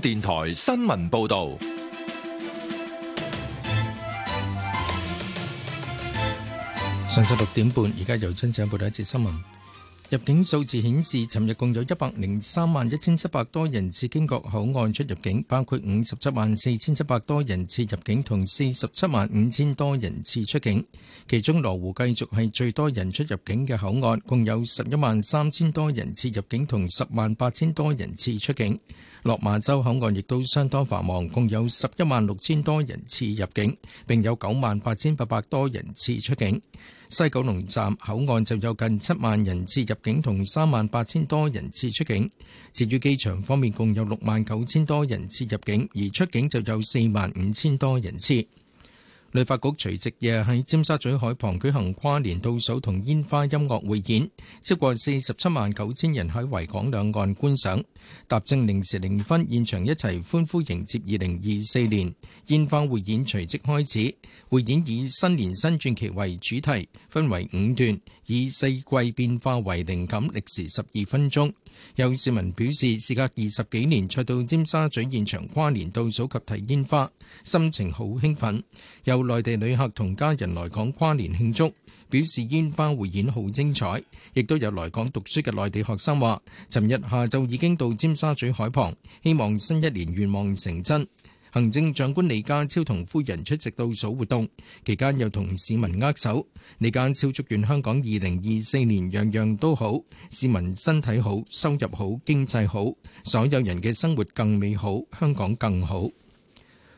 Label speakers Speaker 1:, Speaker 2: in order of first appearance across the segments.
Speaker 1: 電台新聞報道，
Speaker 2: 上晝六點半，而家由親上播第一節新聞。入境數字顯示，尋日共有一百零三萬一千七百多人次經過口岸出入境，包括五十七萬四千七百多人次入境同四十七萬五千多人次出境。其中，羅湖繼續係最多人出入境嘅口岸，共有十一萬三千多人次入境同十萬八千多人次出境。落馬洲口岸亦都相當繁忙，共有十一萬六千多人次入境，並有九萬八千八百多人次出境。西九龍站口岸就有近七萬人次入境，同三萬八千多人次出境，至於機場方面，共有六萬九千多人次入境，而出境就有四萬五千多人次。旅發局除夕夜喺尖沙咀海旁舉行跨年倒數同煙花音樂匯演，超過四十七萬九千人喺維港兩岸觀賞，踏正零時零分，現場一齊歡呼迎接二零二四年。煙花匯演隨即開始，匯演以新年新傳奇為主題，分為五段，以四季變化為靈感，歷時十二分鐘。有市民表示，事隔二十幾年再到尖沙咀現場跨年倒數及睇煙花，心情好興奮。有內地旅客同家人來港跨年慶祝，表示煙花匯演好精彩。亦都有來港讀書嘅內地學生話，尋日下晝已經到尖沙咀海旁，希望新一年願望成真。行政長官李家超同夫人出席倒數活動，期間又同市民握手。李家超祝願香港二零二四年樣樣都好，市民身體好、收入好、經濟好，所有人嘅生活更美好，香港更好。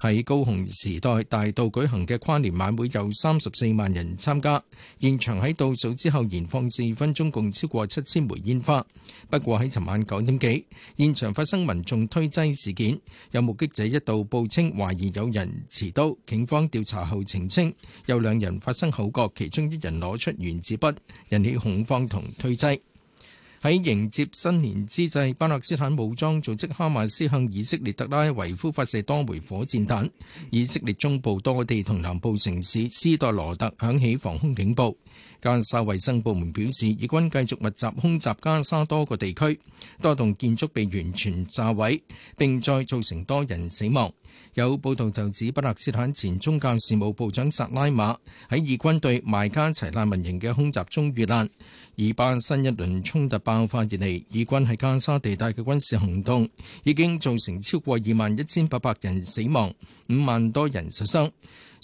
Speaker 2: 喺高雄時代大道舉行嘅跨年晚會有三十四萬人參加，現場喺倒數之後燃放四分鐘，共超過七千枚煙花。不過喺尋晚九點幾，現場發生民眾推擠事件，有目擊者一度報稱懷疑有人持刀，警方調查後澄清有兩人發生口角，其中一人攞出原子筆，引起恐慌同推擠。喺迎接新年之際，巴勒斯坦武裝組織哈馬斯向以色列特拉維夫發射多枚火箭彈，以色列中部多地同南部城市斯德羅特響起防空警報。加沙衛生部門表示，以軍繼續密集空襲加沙多個地區，多棟建築被完全炸毀，並再造成多人死亡。有報道就指巴勒斯坦前宗教事務部長薩拉馬喺以軍對麥加齊拉民營嘅空襲中遇難。以巴新一輪衝突爆發以嚟，以軍喺加沙地帶嘅軍事行動已經造成超過二萬一千八百人死亡，五萬多人受傷。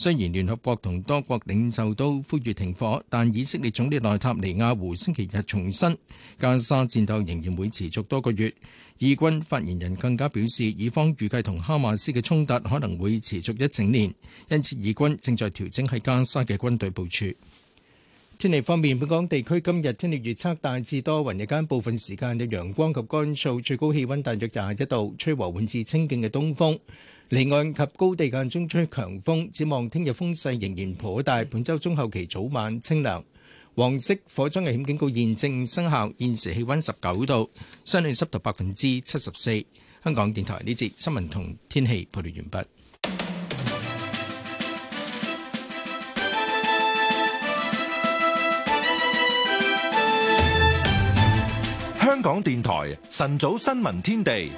Speaker 2: 雖然聯合國同多國領袖都呼籲停火，但以色列總理內塔尼亞胡星期日重申，加沙戰鬥仍然會持續多個月。以軍發言人更加表示，以方預計同哈馬斯嘅衝突可能會持續一整年，因此以軍正在調整喺加沙嘅軍隊部署。天氣方面，本港地區今日天氣預測大致多雲，日間部分時間有陽光及乾燥，最高氣溫大約廿一度，吹和緩至清勁嘅東風。離岸及高地間中吹強風，展望聽日風勢仍然頗大。本周中後期早晚清涼。黃色火災危險警告現正生效。現時氣溫十九度，相對濕度百分之七十四。香港電台呢節新聞同天氣報道完畢。
Speaker 1: 香港電台晨早新聞天地。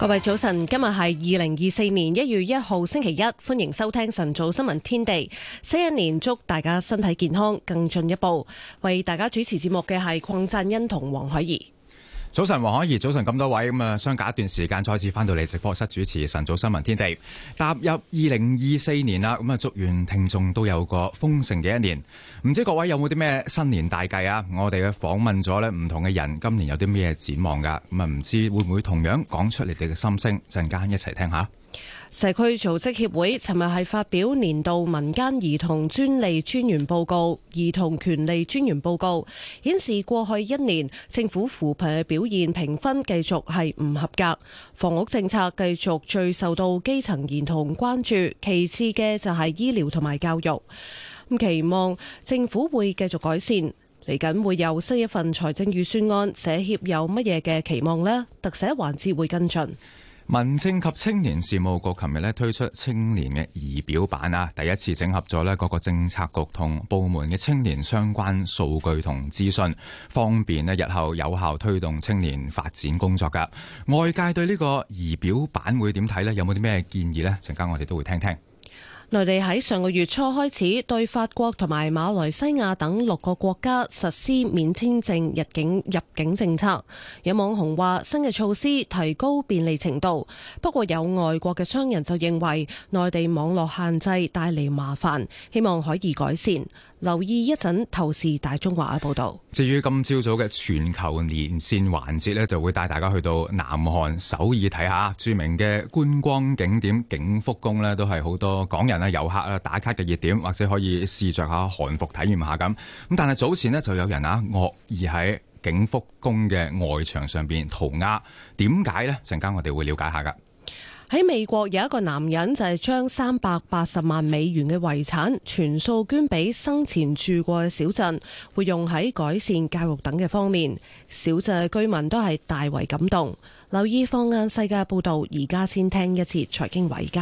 Speaker 3: 各位早晨，今日係二零二四年一月一號星期一，歡迎收聽晨早新聞天地。新一年祝大家身體健康，更進一步。為大家主持節目嘅係鄺贊恩同黃海怡。
Speaker 4: 早晨，黃可怡，早晨咁多位，咁啊，相隔一段時間再次翻到嚟直播室主持晨早新聞天地。踏入二零二四年啦，咁啊，祝願聽眾都有個豐盛嘅一年。唔知各位有冇啲咩新年大計啊？我哋嘅訪問咗咧唔同嘅人，今年有啲咩展望噶？咁啊，唔知會唔會同樣講出你哋嘅心聲？陣間一齊聽下。
Speaker 3: 社區組織協會尋日係發表年度民間兒童專利專員報告、兒童權利專員報告，顯示過去一年政府扶貧嘅表現評分繼續係唔合格，房屋政策繼續最受到基層兒童關注，其次嘅就係醫療同埋教育。咁期望政府會繼續改善，嚟緊會有新一份財政預算案，社協有乜嘢嘅期望呢？特寫環節會跟進。
Speaker 4: 民政及青年事務局琴日咧推出青年嘅儀表板啊，第一次整合咗咧各個政策局同部門嘅青年相關數據同資訊，方便咧日後有效推動青年發展工作噶。外界對呢個儀表板會點睇呢？有冇啲咩建議呢？陣間我哋都會聽聽。
Speaker 3: 內地喺上個月初開始對法國同埋馬來西亞等六個國家實施免簽證入境入境政策。有網紅話，新嘅措施提高便利程度，不過有外國嘅商人就認為內地網絡限制帶嚟麻煩，希望可以改善。留意一陣透視大中華嘅報道。
Speaker 4: 至於今朝早嘅全球連線環節呢，就會帶大家去到南韓首爾睇下著名嘅觀光景點景福宮呢，都係好多港人啦、遊客啦打卡嘅熱點，或者可以試着下韓服體驗下咁。咁但係早前呢就有人啊惡意喺景福宮嘅外牆上邊塗鴉，點解呢？陣間我哋會了解下噶。
Speaker 3: 喺美國有一個男人就係將三百八十萬美元嘅遺產全數捐俾生前住過嘅小鎮，會用喺改善教育等嘅方面。小鎮居民都係大為感動。留意放眼世界報道，而家先聽一次財經華爾街。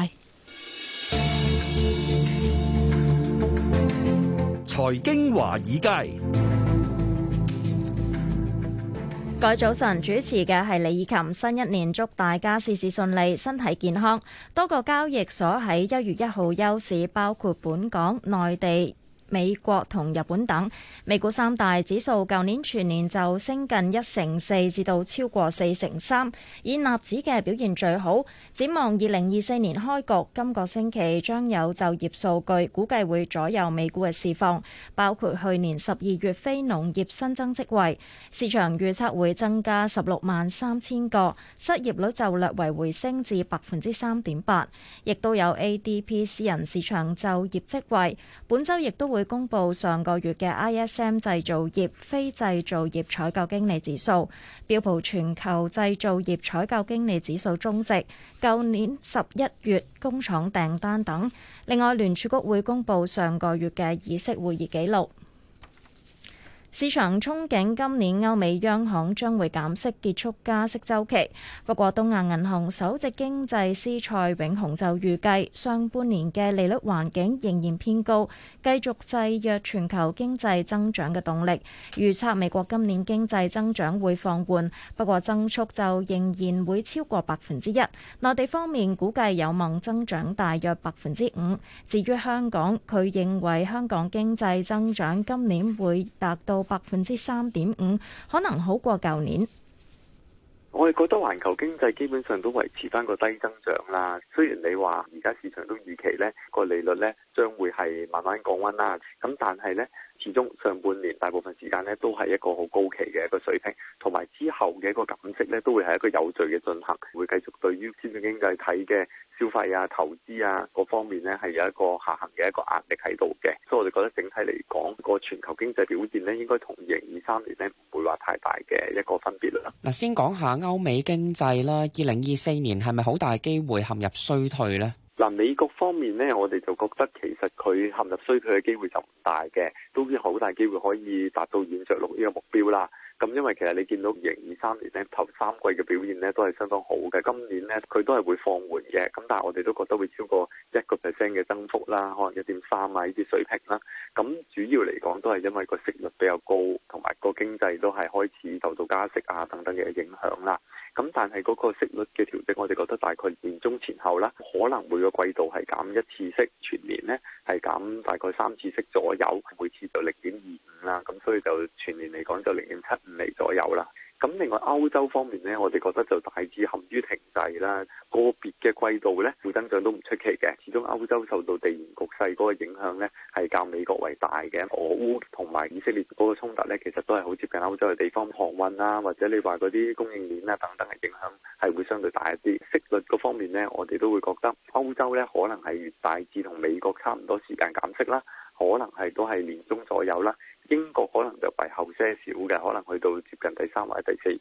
Speaker 1: 財經華爾街。
Speaker 5: 《各位早晨》主持嘅係李以琴，新一年祝大家事事順利，身體健康。多個交易所喺一月一號休市，包括本港、內地。美國同日本等美股三大指數，舊年全年就升近一成四，至到超過四成三，以納指嘅表現最好。展望二零二四年開局，今個星期將有就業數據，估計會左右美股嘅市況，包括去年十二月非農業新增職位，市場預測會增加十六萬三千個，失業率就略為回升至百分之三點八，亦都有 ADP 私人市場就業職位，本周亦都會。會公布上個月嘅 ISM 製造業、非製造業採購經理指數、標普全球製造業採購經理指數終值、舊年十一月工廠訂單等。另外，聯儲局會公布上個月嘅議息會議記錄。市場憧憬今年歐美央行將會減息結束加息周期，不過東亞銀行首席經濟師蔡永雄就預計上半年嘅利率環境仍然偏高，繼續制約全球經濟增長嘅動力。預測美國今年經濟增長會放緩，不過增速就仍然會超過百分之一。內地方面估計有望增長大約百分之五。至於香港，佢認為香港經濟增長今年會達到。到百分之三點五，可能好過舊年。
Speaker 6: 我哋覺得環球經濟基本上都維持翻個低增長啦。雖然你話而家市場都預期呢個利率呢將會係慢慢降温啦，咁但係呢。始終上半年大部分時間咧都係一個好高企嘅一個水平，同埋之後嘅一個減息咧都會係一個有序嘅進行，會繼續對於呢個經濟體嘅消費啊、投資啊各方面咧係有一個下行嘅一個壓力喺度嘅，所以我哋覺得整體嚟講，個全球經濟表現咧應該同二零二三年咧唔會話太大嘅一個分別啦。
Speaker 7: 嗱，先講下歐美經濟啦，二零二四年係咪好大機會陷入衰退咧？
Speaker 6: 嗱，美國方面呢，我哋就覺得其實佢陷入衰退嘅機會就唔大嘅，都有好大機會可以達到軟著陸呢個目標啦。咁因為其實你見到二零二三年咧頭三季嘅表現咧都係相當好嘅，今年咧佢都係會放緩嘅，咁但係我哋都覺得會超過一個 percent 嘅增幅啦，可能一點三啊呢啲水平啦。咁主要嚟講都係因為個息率比較高，同埋個經濟都係開始受到加息啊等等嘅影響啦。咁但係嗰個息率嘅調整，我哋覺得大概年中前後啦，可能每個季度係減一次息，全年呢係減大概三次息左右，每次就零點二五啦，咁所以就全年嚟講就零點七五厘左右啦。咁另外歐洲方面呢，我哋覺得就大致陷於停滯啦。個別嘅季度呢，負增長都唔出奇嘅。始終歐洲受到地緣局勢嗰個影響呢，係較美國為大嘅。俄烏同埋以色列嗰個衝突呢，其實都係好接近歐洲嘅地方航運啊，或者你話嗰啲供應鏈啊等等嘅影響，係會相對大一啲。息率嗰方面呢，我哋都會覺得歐洲呢，可能係越大致同美國差唔多時間減息啦，可能係都係年中左右啦。英國可能就滯後些少嘅，可能去到接近第三或者第四季，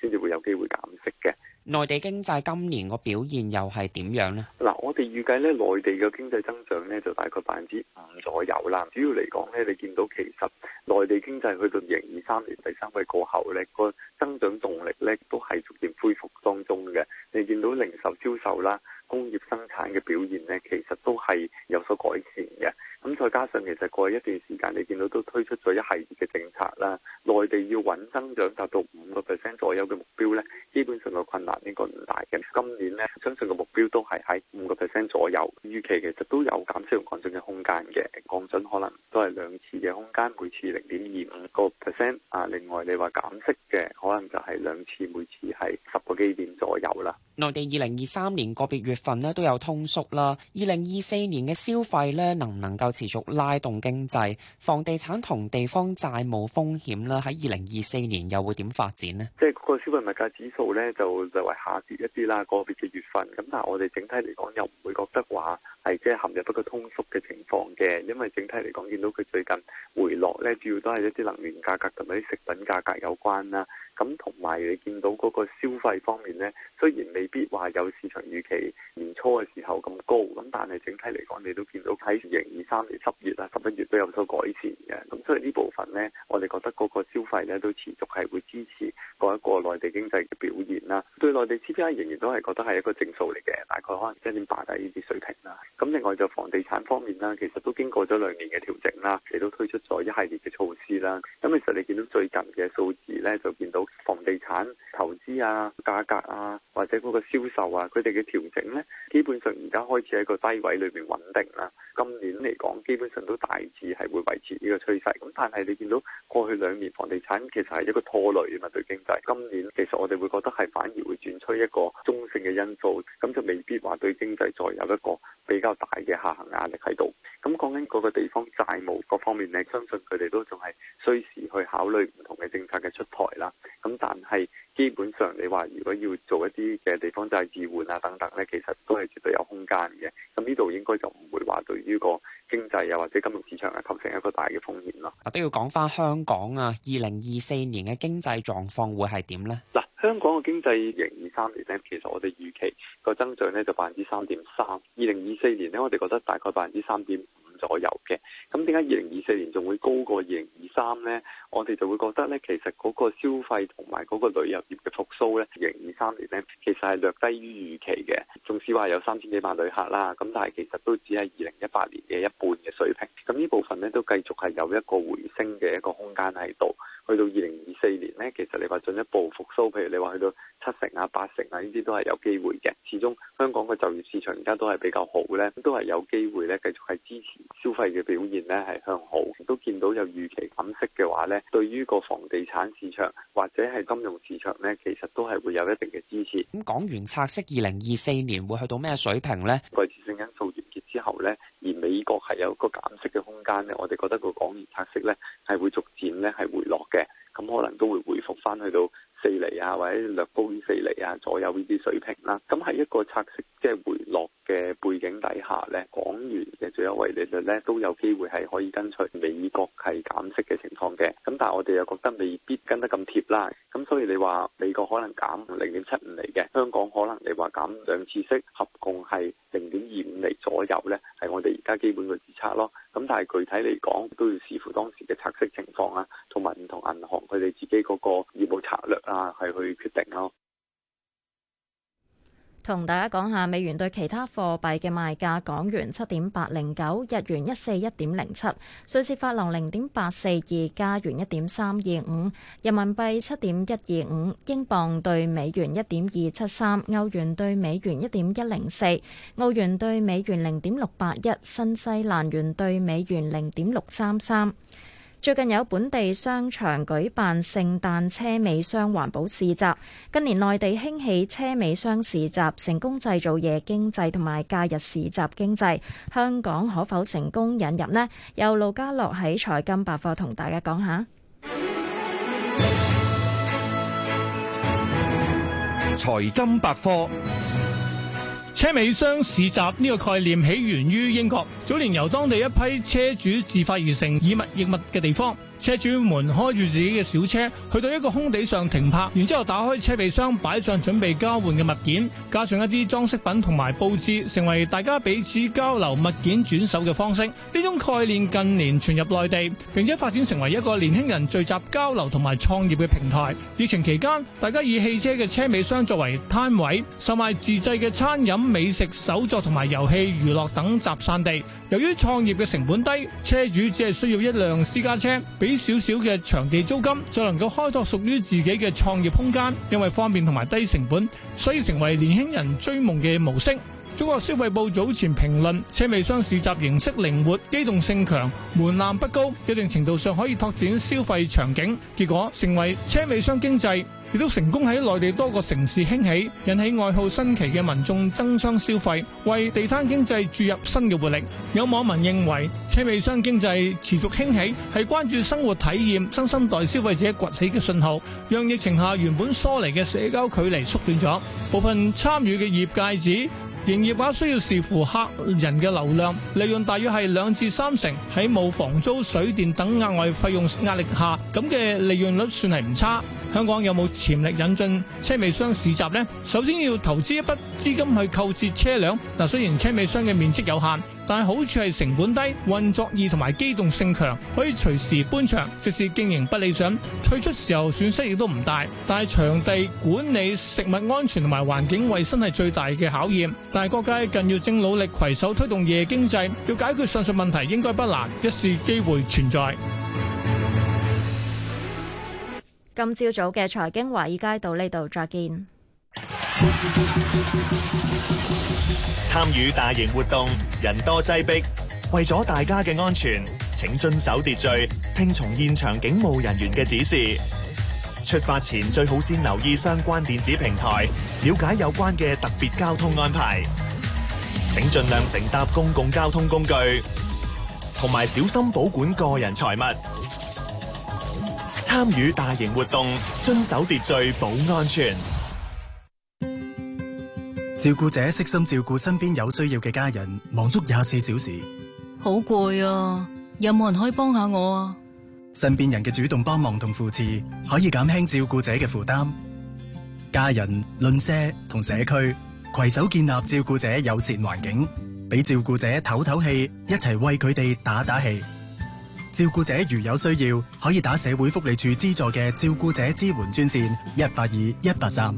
Speaker 6: 先至會有機會減息嘅。
Speaker 7: 內地經濟今年個表現又係點樣呢？
Speaker 6: 嗱，我哋預計咧，內地嘅經濟增長咧就大概百分之五左右啦。主要嚟講咧，你見到其實內地經濟去到二零二三年第三季過後咧，個增長動力咧都係逐漸恢復當中嘅。你見到零售銷售啦、工業生產嘅表現咧，其實都係有所改善嘅。咁再加上其實過去一段時間你見到都推出咗一系列嘅政策啦，內地要穩增長達到五個 percent 左右嘅目標咧，基本上個困難應該唔大嘅。今年咧，相信個目標都係喺五個 percent 左右，預期其實都有減少降準嘅空間嘅，降準可能都係兩次嘅空間，每次零點二五個 percent 啊。另外你話減息嘅，可能就係兩次，每次係十個基點左右啦。
Speaker 7: 內地二零二三年個別月份咧都有通縮啦，二零二四年嘅消費咧能唔能夠？持續拉動經濟，房地產同地方債務風險咧，喺二零二四年又會點發展呢？
Speaker 2: 即係個
Speaker 6: 消費物價指數咧，就略為下跌一啲啦，個別嘅月份。咁但係我哋整體嚟講，又唔會覺得話係即係陷入一個通縮嘅情況嘅，因為整體嚟講，見到佢最近回落咧，主要都係一啲能源價格同埋啲食品價格有關啦。咁同埋你見到嗰個消費方面呢，雖然未必話有市場預期年初嘅時候咁高，咁但係整體嚟講，你都見到喺二零二三年十月啦、十一月都有所改善嘅。咁所以呢部分呢，我哋覺得嗰個消費呢都持續係會支持嗰一個內地經濟嘅表現啦。對內地 CPI 仍然都係覺得係一個正數嚟嘅，大概可能一點八底呢啲水平啦。咁另外就房地產方面啦，其實都經過咗兩年嘅調整啦，亦都推出咗一系列嘅措施啦。咁其實你見到最近嘅數。咧，就見到房地產投資啊、價格啊，或者嗰個銷售啊，佢哋嘅調整呢，基本上而家開始喺個低位裏面穩定啦。今年嚟講，基本上都大致係會維持呢個趨勢。咁但係你見到過去兩年房地產其實係一個拖累啊嘛，對經濟。今年其實我哋會覺得係反而會轉出一個中性嘅因素，咁就未必話對經濟再有一個比較大嘅下行壓力喺度。咁講緊嗰個地方債務各方面呢，相信佢哋都仲係需時去考慮。政策嘅出台啦，咁但係基本上你話如果要做一啲嘅地方債置換啊等等咧，其實都係絕對有空間嘅。咁呢度應該就唔會話對於個經濟啊或者金融市場啊構成一個大嘅風
Speaker 7: 險咯。啊都要講翻香港啊，二零二四年嘅經濟狀況會係點咧？
Speaker 6: 嗱，香港嘅經濟二零二三年咧，其實我哋預期個增長咧就百分之三點三，二零二四年咧我哋覺得大概百分之三點五左右嘅。咁點解二零二四年仲會高過二零？三呢，我哋就會覺得呢，其實嗰個消費同埋嗰個旅遊業嘅復甦呢，二零二三年呢，其實係略低於預期嘅。縱使話有三千幾萬旅客啦，咁但係其實都只係二零一八年嘅一半嘅水平。咁呢部分呢，都繼續係有一個回升嘅一個空間喺度。去到二零二四年呢，其實你話進一步復甦，譬如你話去到，七成啊，八成啊，呢啲都係有機會嘅。始終香港嘅就業市場而家都係比較好咧，都係有機會咧，繼續係支持消費嘅表現咧，係向好。都見到有預期減息嘅話咧，對於個房地產市場或者係金融市場咧，其
Speaker 7: 實都係會有一定嘅支持。咁港元拆息二零二四年會去到咩水平咧？
Speaker 6: 季節性因素完結之後咧，而美國係有一個減息嘅空間咧，我哋覺得個港元拆息咧係會逐漸咧係回落嘅，咁可能都會回復翻去到。四厘啊，或者略高於四厘啊，左右呢啲水平啦、啊。咁喺一個拆息即係回落嘅背景底下咧，港元嘅最優惠利率咧都有機會係可以跟隨美國係減息嘅情況嘅。咁但係我哋又覺得未必跟得咁貼啦。咁所以你話美國可能減零點七五厘嘅，香港可能你話減兩次息，合共係零點二五厘左右咧，係我哋而家基本嘅預測咯。咁但係具體嚟講都要視乎當時嘅拆息情況啊，同埋唔同銀行佢哋自己嗰、那個。啊，係去決定咯。
Speaker 5: 同大家講下美元對其他貨幣嘅賣價：港元七點八零九，日元一四一點零七，瑞士法郎零點八四二，加元一點三二五，人民幣七點一二五，英鎊兌美元一點二七三，歐元兌美元一點一零四，澳元兌美元零點六八一，新西蘭元兌美元零點六三三。最近有本地商場舉辦聖誕車尾箱環保市集，近年內地興起車尾箱市集，成功製造夜經濟同埋假日市集經濟，香港可否成功引入呢？由盧家樂喺財金百科同大家講下。
Speaker 8: 財金百科。車尾箱市集呢個概念起源於英國，早年由當地一批車主自發而成，以物易物嘅地方。車主們開住自己嘅小車去到一個空地上停泊，然之後打開車尾箱，擺上準備交換嘅物件，加上一啲裝飾品同埋布置，成為大家彼此交流物件轉手嘅方式。呢種概念近年傳入內地，並且發展成為一個年輕人聚集交流同埋創業嘅平台。疫情期間，大家以汽車嘅車尾箱作為攤位，售賣自製嘅餐飲、美食、手作同埋遊戲、娛樂等集散地。由於創業嘅成本低，車主只係需要一輛私家車，俾少少嘅場地租金，就能夠開拓屬於自己嘅創業空間，因為方便同埋低成本，所以成為年輕人追夢嘅模式。《中國消費報》早前評論，車尾箱市集形式靈活、機動性強、門檻不高，一定程度上可以拓展消費場景，結果成為車尾箱經濟。亦都成功喺內地多個城市興起，引起愛好新奇嘅民眾爭相消費，為地攤經濟注入新嘅活力。有網民認為，車尾商經濟持續興起係關注生活體驗新生代消費者崛起嘅信號，讓疫情下原本疏離嘅社交距離縮短咗。部分參與嘅業界指，營業額需要視乎客人嘅流量，利潤大約係兩至三成，喺冇房租、水電等額外費用壓力下，咁嘅利潤率算係唔差。香港有冇潛力引進車尾箱市集呢？首先要投資一筆資金去購置車輛。嗱，雖然車尾箱嘅面積有限，但係好處係成本低、運作易同埋機動性強，可以隨時搬場。即使經營不理想，退出時候損失亦都唔大。但係場地管理、食物安全同埋環境衛生係最大嘅考驗。但係國家更要正努力攜手推動夜經濟，要解決上述問題應該不難，一試機會存在。
Speaker 5: 今朝早嘅財經華爾街到呢度再見。
Speaker 9: 參與大型活動，人多擠逼，為咗大家嘅安全，請遵守秩序，聽從現場警務人員嘅指示。出發前最好先留意相關電子平台，了解有關嘅特別交通安排。請盡量乘搭公共交通工具，同埋小心保管個人財物。參與大型活動，遵守秩序，保安全。
Speaker 4: 照
Speaker 9: 顧者悉心照顧身邊有需要嘅家
Speaker 4: 人，忙足廿四小時，
Speaker 10: 好攰啊！有冇人可以幫下我啊？
Speaker 4: 身邊人嘅主動幫忙同扶持，可以減輕照顧者嘅負擔。
Speaker 2: 家人、鄰舍同社區携手建立照顧者友善環境，俾照顧者唞唞氣，一齊為佢哋打打氣。照顧者如
Speaker 4: 有需要，可以打社會福利署資助嘅照顧者支援專線一八二一八三。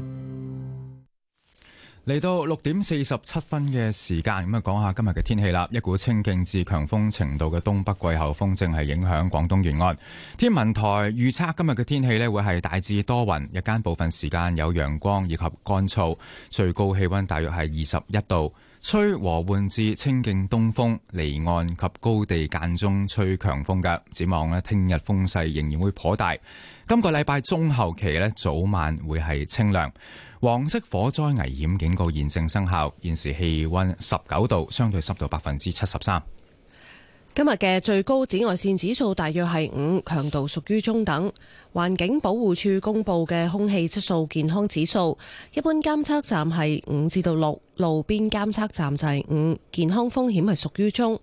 Speaker 4: 嚟到六點四十七分嘅時間，咁啊講下今日嘅天氣啦。一股清勁至強風程度嘅東北季候風正係影響廣東沿岸。天文台預測今日嘅天氣咧，會係大致多雲，日間部分時間有陽光以及乾燥，最高氣温大約係二十一度。吹和緩至清勁東風，離岸及高地間中吹強風嘅。展望咧，聽日風勢仍然會頗大。今個禮拜中後期呢，早晚會係清涼。黃色火災危險警告現正生效。現時氣溫十九度，相對濕度百分之七十三。
Speaker 3: 今日嘅最高紫外線指數大約係五，強度屬於中等。環境保護署公佈嘅空氣質素健康指數，一般監測站係五至到六，路邊監測站就係五，健康風險係屬於中。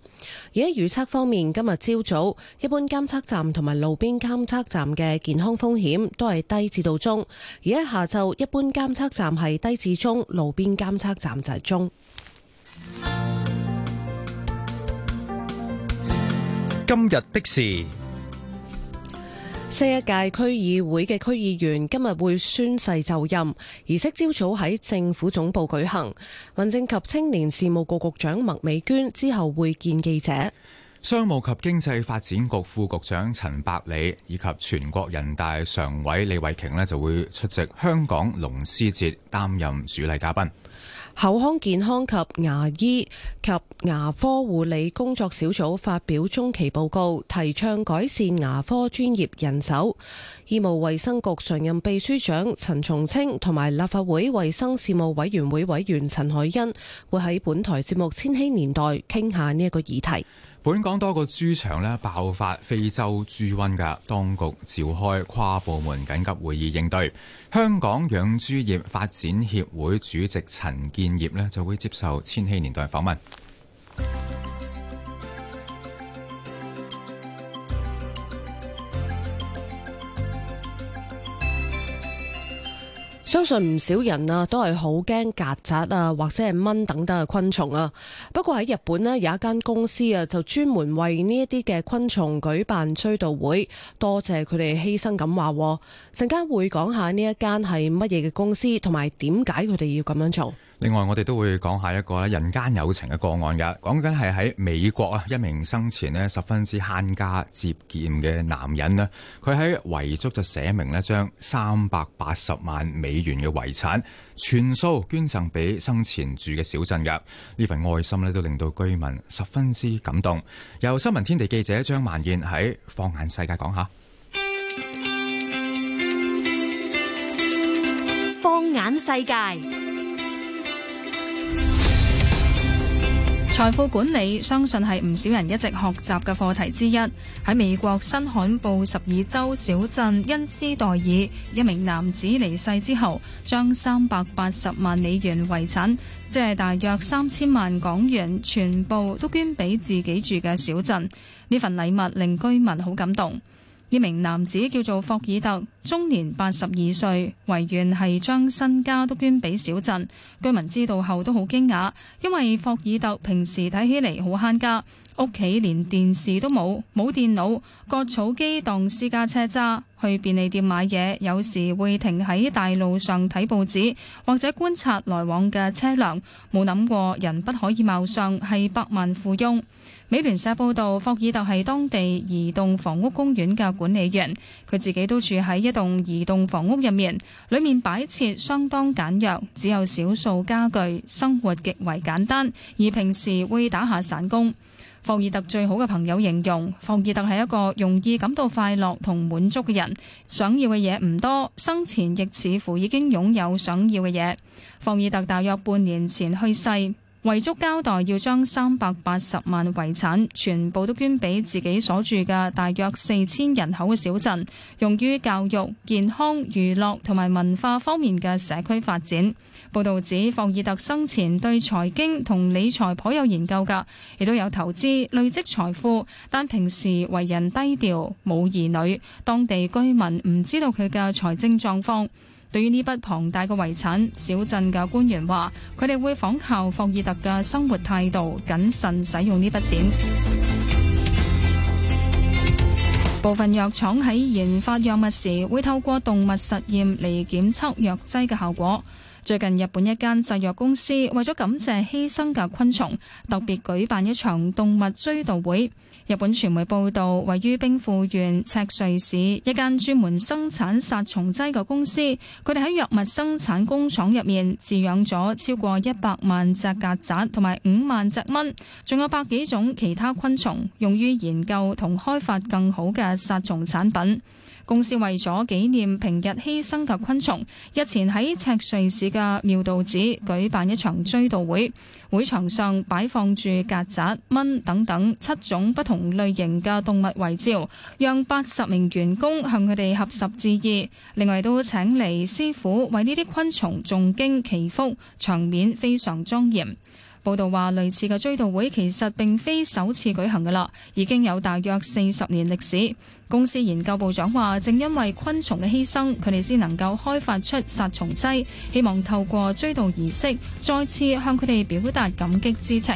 Speaker 3: 而喺預測方面，今日朝早，一般監測站同埋路邊監測站嘅健康風險都係低至到中。而喺下晝，一般監測站係低至中，路邊監測站就係中。
Speaker 4: 今日的事，
Speaker 3: 新一屆區議會嘅區議員今日會宣誓就任，儀式朝早喺政府總部舉行。民政及青年事務局局長麥美娟之後會見記者，
Speaker 4: 商務及經濟發展局副局長陳百里以及全國人大常委李慧瓊咧就會出席香港龍獅節擔任主禮嘉賓。口腔健康及牙醫
Speaker 3: 及牙科護理工作小組發表中期報告，提倡改善牙科專業人手。醫務衛生局常任秘書長陳松青同埋立法會衛生事務委員會委員陳海欣會喺本台節目《千禧
Speaker 4: 年代》傾下呢一個議題。本港多個豬場咧爆發非洲豬瘟嘅，當局召開跨部門緊急會議應對。香港養豬業發展協會主席陳建業咧就會接受千禧年代訪問。
Speaker 3: 相信唔少人啊，都係好驚曱甴啊，或者係蚊等等嘅昆蟲啊。不過喺日本呢，有一間公司啊，就專門為呢一啲嘅昆蟲舉辦追悼會，多謝佢哋犧牲咁話。陣間會講下呢一間係乜嘢嘅公司，同埋點解佢哋要咁樣做。
Speaker 4: 另外，我哋都會講下一個咧，人間有情嘅個案嘅，講緊係喺美國啊一名生前咧，十分之慳家節儉嘅男人啦，佢喺遺囑就寫明咧，將三百八十萬美元嘅遺產全數捐贈俾生前住嘅小鎮嘅，呢份愛心咧，都令到居民十分之感動。由新聞天地記者張萬燕喺放眼世
Speaker 7: 界講下，放眼世界。
Speaker 3: 說
Speaker 7: 說放眼世界
Speaker 11: 財富管理相信係唔少人一直學習嘅課題之一。喺美國新罕布什爾州小鎮恩斯代爾，一名男子離世之後，將三百八十萬美元遺產，即係大約三千萬港元，全部都捐俾自己住嘅小鎮。呢份禮物令居民好感動。呢名男子叫做霍爾特，終年八十二歲，遺願係將身家都捐俾小鎮居民，知道後都好驚訝，因為霍爾特平時睇起嚟好慳家，屋企連電視都冇，冇電腦，割草機當私家車揸，去便利店買嘢，有時會停喺大路上睇報紙，或者觀察來往嘅車輛，冇諗過人不可以貌相，係百萬富翁。美聯社報道，霍爾特係當地移動房屋公園嘅管理員，佢自己都住喺一棟移動房屋入面，裏面擺設相當簡約，只有少數家具，生活極為簡單，而平時會打下散工。霍爾特最好嘅朋友形容，霍爾特係一個容易感到快樂同滿足嘅人，想要嘅嘢唔多，生前亦似乎已經擁有想要嘅嘢。霍爾特大約半年前去世。遺囑交代要將三百八十萬遺產全部都捐俾自己所住嘅大約四千人口嘅小鎮，用於教育、健康、娛樂同埋文化方面嘅社區發展。報道指霍爾特生前對財經同理財頗有研究㗎，亦都有投資累積財富，但平時為人低調，冇兒女，當地居民唔知道佢嘅財政狀況。對於呢筆龐大嘅遺產，小鎮嘅官員話，佢哋會仿效霍爾特嘅生活態度，謹慎使用呢筆錢。部分藥廠喺研發藥物時，會透過動物實驗嚟檢測藥劑嘅效果。最近日本一間製藥公司為咗感謝犧牲嘅昆蟲，特別舉辦一場動物追悼會。日本傳媒報道，位於兵庫縣赤穗市一間專門生產殺蟲劑嘅公司，佢哋喺藥物生產工廠入面飼養咗超過一百萬隻曱甴同埋五萬隻蚊，仲有百幾種其他昆蟲，用於研究同開發更好嘅殺蟲產品。公司為咗紀念平日犧牲嘅昆蟲，日前喺赤穗市嘅妙道寺舉辦一場追悼會。會場上擺放住曱甴、蚊等等七種不同類型嘅動物遺照，讓八十名員工向佢哋合十致意。另外都請嚟師傅為呢啲昆蟲誦經祈福，場面非常莊嚴。報道話，類似嘅追悼會其實並非首次舉行噶啦，已經有大約四十年歷史。公司研究部長話，正因為昆蟲嘅犧牲，佢哋先能夠開發出殺蟲劑，希望透過追悼儀式，再次向佢哋表達感激之情。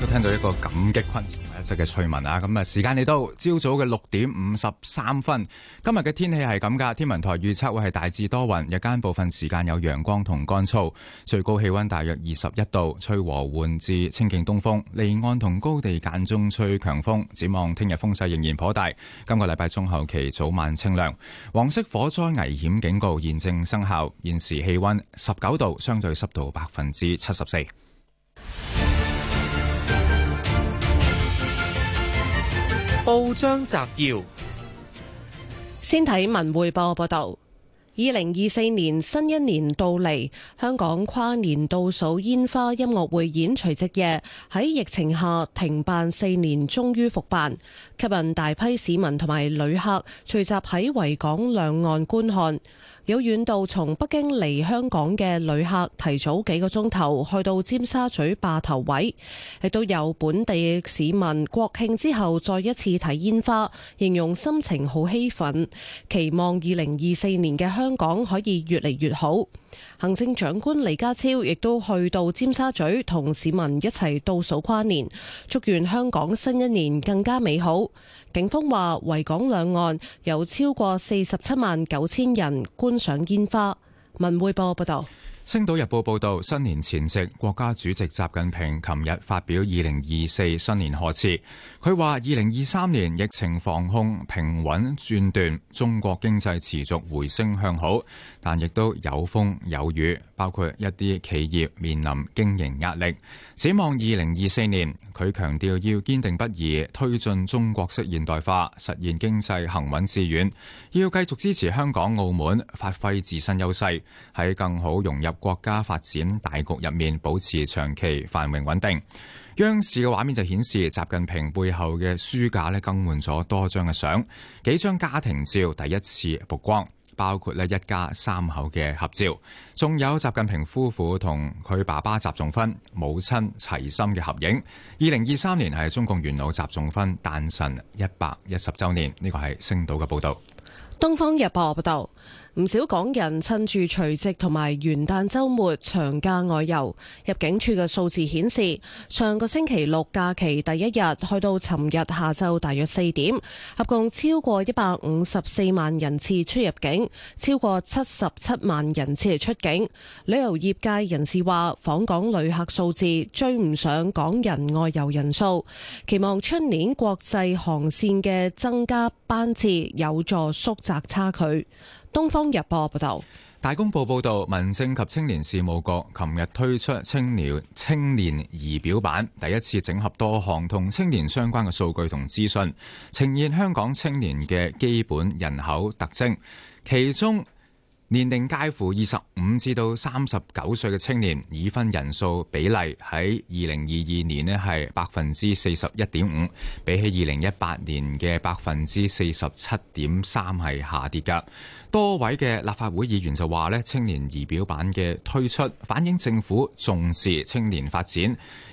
Speaker 4: 都聽到一個感激昆蟲。嘅吹聞啊！咁啊，時間嚟到朝早嘅六點五十三分。今日嘅天氣係咁噶，天文台預測會係大致多雲，日間部分時間有陽光同乾燥，最高氣温大約二十一度，吹和緩至清勁東風，離岸同高地間中吹強風。展望聽日風勢仍然頗大。今個禮拜中後期早晚清涼。黃色火災危險警告現正生效。現時氣温十九度，相對濕度百分之七十四。報章摘要，
Speaker 3: 先睇文匯報報道。二零二四年新一年到嚟，香港跨年倒數煙花音樂會演除夕夜喺疫情下停辦四年，終於復辦，吸引大批市民同埋旅客聚集喺維港兩岸觀看。有遠道從北京嚟香港嘅旅客提早幾個鐘頭去到尖沙咀霸頭位，亦都有本地市民國慶之後再一次睇煙花，形容心情好興奮，期望二零二四年嘅香。香港可以越嚟越好。行政長官李家超亦都去到尖沙咀同市民一齊倒數跨年，祝願香港新一年更加美好。警方話，維港兩岸有超過四十七萬九千人觀賞煙花。文匯報報道。
Speaker 4: 《星島日報》報道，新年前夕，國家主席習近平琴日發表二零二四新年賀詞。佢話：二零二三年疫情防控平穩轉段，中國經濟持續回升向好，但亦都有風有雨，包括一啲企業面臨經營壓力。展望二零二四年，佢強調要堅定不移推進中國式現代化，實現經濟行穩致遠。要繼續支持香港、澳門發揮自身優勢，喺更好融入。國家發展大局入面保持長期繁榮穩定。央視嘅畫面就顯示，習近平背後嘅書架呢更換咗多張嘅相，幾張家庭照第一次曝光，包括呢一家三口嘅合照，仲有習近平夫婦同佢爸爸習仲勳母親齊心嘅合影。二零二三年係中共元老習仲勳誕辰一百一十周年，呢個係星島嘅報道，
Speaker 3: 東方日報報道。唔少港人趁住除夕同埋元旦周末長假外遊，入境處嘅數字顯示，上個星期六假期第一日去到尋日下晝，大約四點，合共超過一百五十四萬人次出入境，超過七十七萬人次出境。旅遊業界人士話，訪港旅客數字追唔上港人外遊人數，期望出年國際航線嘅增加班次有助縮窄差距。東方日報報道，
Speaker 4: 大公報報道，民政及青年事務局琴日推出青鳥青年儀表版，第一次整合多項同青年相關嘅數據同資訊，呈現香港青年嘅基本人口特徵，其中。年齡介乎二十五至到三十九歲嘅青年已婚人數比例喺二零二二年呢係百分之四十一點五，比起二零一八年嘅百分之四十七點三係下跌噶多位嘅立法會議員就話呢，青年儀表板嘅推出反映政府重視青年發展，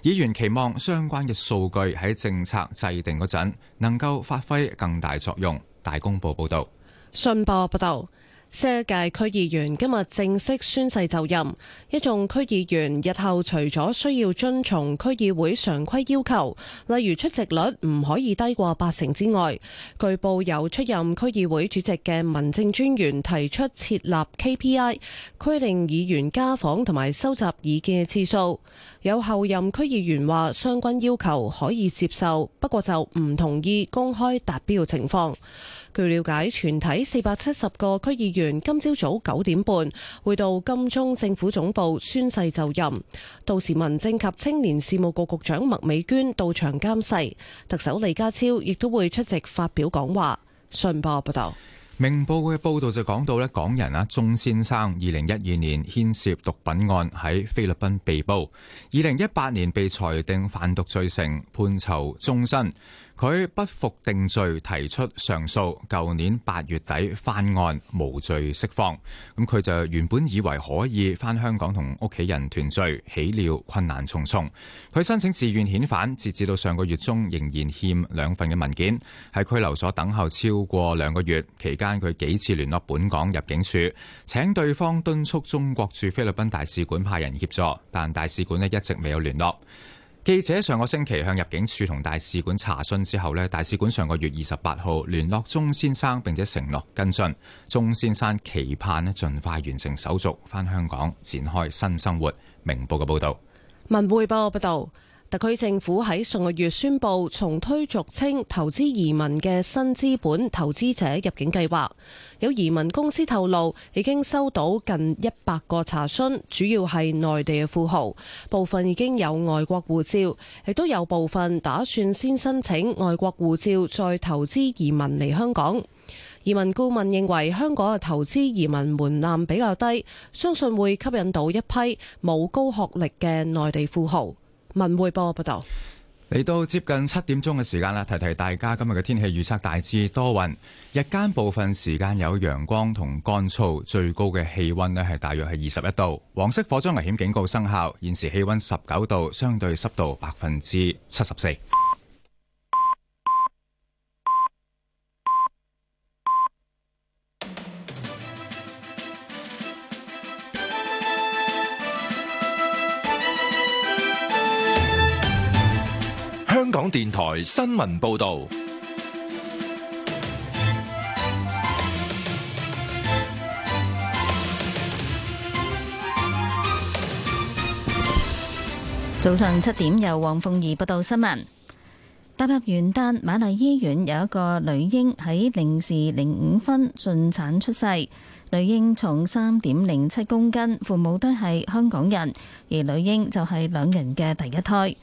Speaker 4: 議員期望相關嘅數據喺政策制定嗰陣能夠發揮更大作用。大公報報道，
Speaker 3: 信報報道。新一屆區議員今日正式宣誓就任，一眾區議員日後除咗需要遵從區議會常規要求，例如出席率唔可以低過八成之外，據報有出任區議會主席嘅民政專員提出設立 KPI，規定議員家訪同埋收集意見嘅次數。有後任區議員話相關要求可以接受，不過就唔同意公開達標情況。據了解，全體四百七十個區議員今朝早九點半會到金鐘政府總部宣誓就任，到時民政及青年事務局局長麥美娟到場監誓，特首李家超亦都會出席發表講話。信報報道，
Speaker 4: 明報嘅報道就講到咧，港人啊，鐘先生二零一二年牽涉毒品案喺菲律賓被捕，二零一八年被裁定販毒罪成，判囚終身。佢不服定罪提出上訴，舊年八月底翻案無罪釋放，咁佢就原本以為可以翻香港同屋企人團聚，豈料困難重重。佢申請自願遣返，截至到上個月中仍然欠兩份嘅文件，喺拘留所等候超過兩個月期間，佢幾次聯絡本港入境處，請對方敦促中國駐菲律賓大使館派人協助，但大使館呢一直未有聯絡。記者上個星期向入境處同大使館查詢之後咧，大使館上個月二十八號聯絡鍾先生，並且承諾跟進。鍾先生期盼咧，盡快完成手續，返香港展開新生活。明報嘅報道。
Speaker 3: 文匯報報道。特區政府喺上個月宣布重推俗稱投資移民嘅新資本投資者入境計劃，有移民公司透露已經收到近一百個查詢，主要係內地嘅富豪，部分已經有外國護照，亦都有部分打算先申請外國護照再投資移民嚟香港。移民顧問認為香港嘅投資移民門檻比較低，相信會吸引到一批冇高學歷嘅內地富豪。文匯報報道，
Speaker 4: 嚟到接近七點鐘嘅時間啦，提提大家今日嘅天氣預測大致多雲，日間部分時間有陽光同乾燥，最高嘅氣溫呢係大約係二十一度。黃色火災危險警告生效，現時氣溫十九度，相對濕度百分之七十四。
Speaker 1: 港電台新聞報道：
Speaker 12: 早上七點，由黃鳳儀報道新聞。踏入元旦，瑪麗醫院有一個女嬰喺零時零五分順產出世。女嬰重三點零七公斤，父母都係香港人，而女嬰就係兩人嘅第一胎。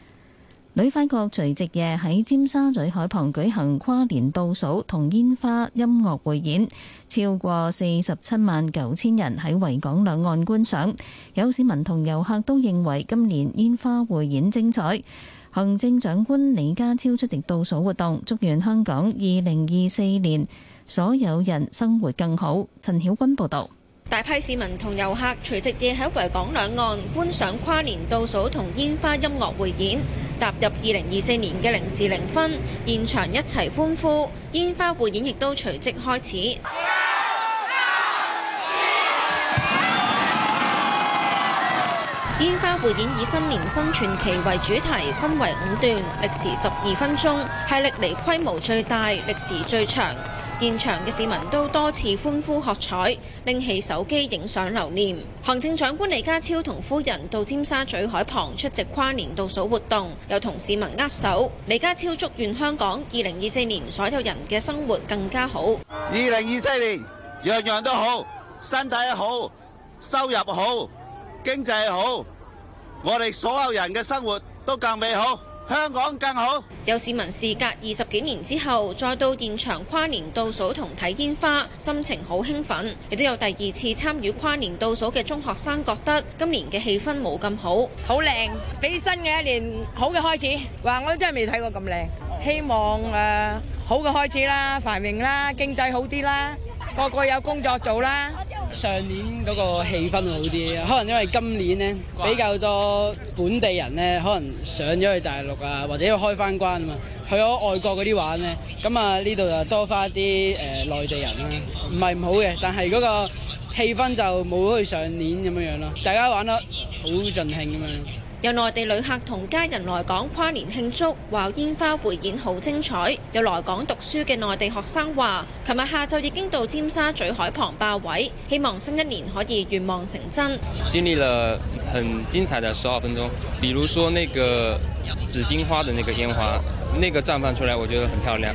Speaker 12: 旅發局除夕夜喺尖沙咀海旁舉行跨年倒數同煙花音樂匯演，超過四十七萬九千人喺維港兩岸觀賞。有市民同遊客都認為今年煙花匯演精彩。行政長官李家超出席倒數活動，祝願香港二零二四年所有人生活更好。陳曉君報導。
Speaker 13: 大批市民同遊客除夕夜喺維港兩岸觀賞跨年倒數同煙花音樂匯演，踏入二零二四年嘅零時零分，現場一齊歡呼，煙花匯演亦都隨即開始。煙花匯演以新年新傳奇為主題，分為五段，歷時十二分鐘，係歷嚟規模最大、歷時最長。現場嘅市民都多次歡呼喝彩，拎起手機影相留念。行政長官李家超同夫人到尖沙咀海旁出席跨年倒數活動，又同市民握手。李家超祝願香港二零二四年所有人嘅生活更加好。
Speaker 14: 二零二四年樣樣都好，身體好，收入好，經濟好，我哋所有人嘅生活
Speaker 13: 都更美好。香港更好。有市民事隔二十幾年之後，再到現場跨年倒數同睇煙花，心情好興奮。亦都有第二次參與跨年倒數嘅中學生覺得今年嘅氣氛冇咁好。好靚，俾新嘅一年好嘅開始。哇！我都真係未睇過咁靚。希望
Speaker 15: 誒好嘅開始啦，繁榮啦，經濟好啲啦。個個有工作做啦。
Speaker 16: 上年嗰個氣氛好啲，可能因為今年咧，比較多本地人咧，可能上咗去大陸啊，或者要開翻關啊嘛，去咗外國嗰啲玩咧，咁啊呢度就多翻啲誒內地人啦、啊，唔係唔好嘅，但係嗰個氣氛就冇去上年咁樣樣咯，大家玩得好盡興咁樣。
Speaker 13: 有內地旅客同家人來港跨年慶祝，話煙花匯演好精彩。有來港讀書嘅內地學生話，琴日下晝已經到尖沙咀海旁霸位，希望新一年可以願望成真。
Speaker 7: 經歷了很精彩的十二分鐘，比如說那個紫荊花的那個煙花，那個綻放出來，我覺得很漂亮。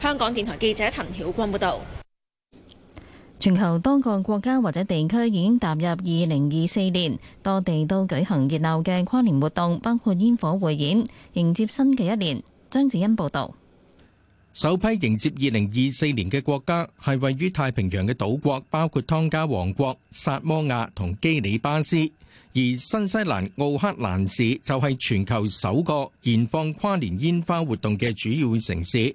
Speaker 13: 香港電台記者陳曉光報道，
Speaker 12: 全球多個國家或者地區已經踏入二零二四年，多地都舉行熱鬧嘅跨年活動，包括煙火匯演，迎接新嘅一年。張子欣報道，
Speaker 2: 首批迎接二零二四年嘅國家係位於太平洋嘅島國，包括湯加王國、薩摩亞同基里巴斯。而新西蘭奧克蘭市就係全球首個燃放跨年煙花活動嘅主要城市。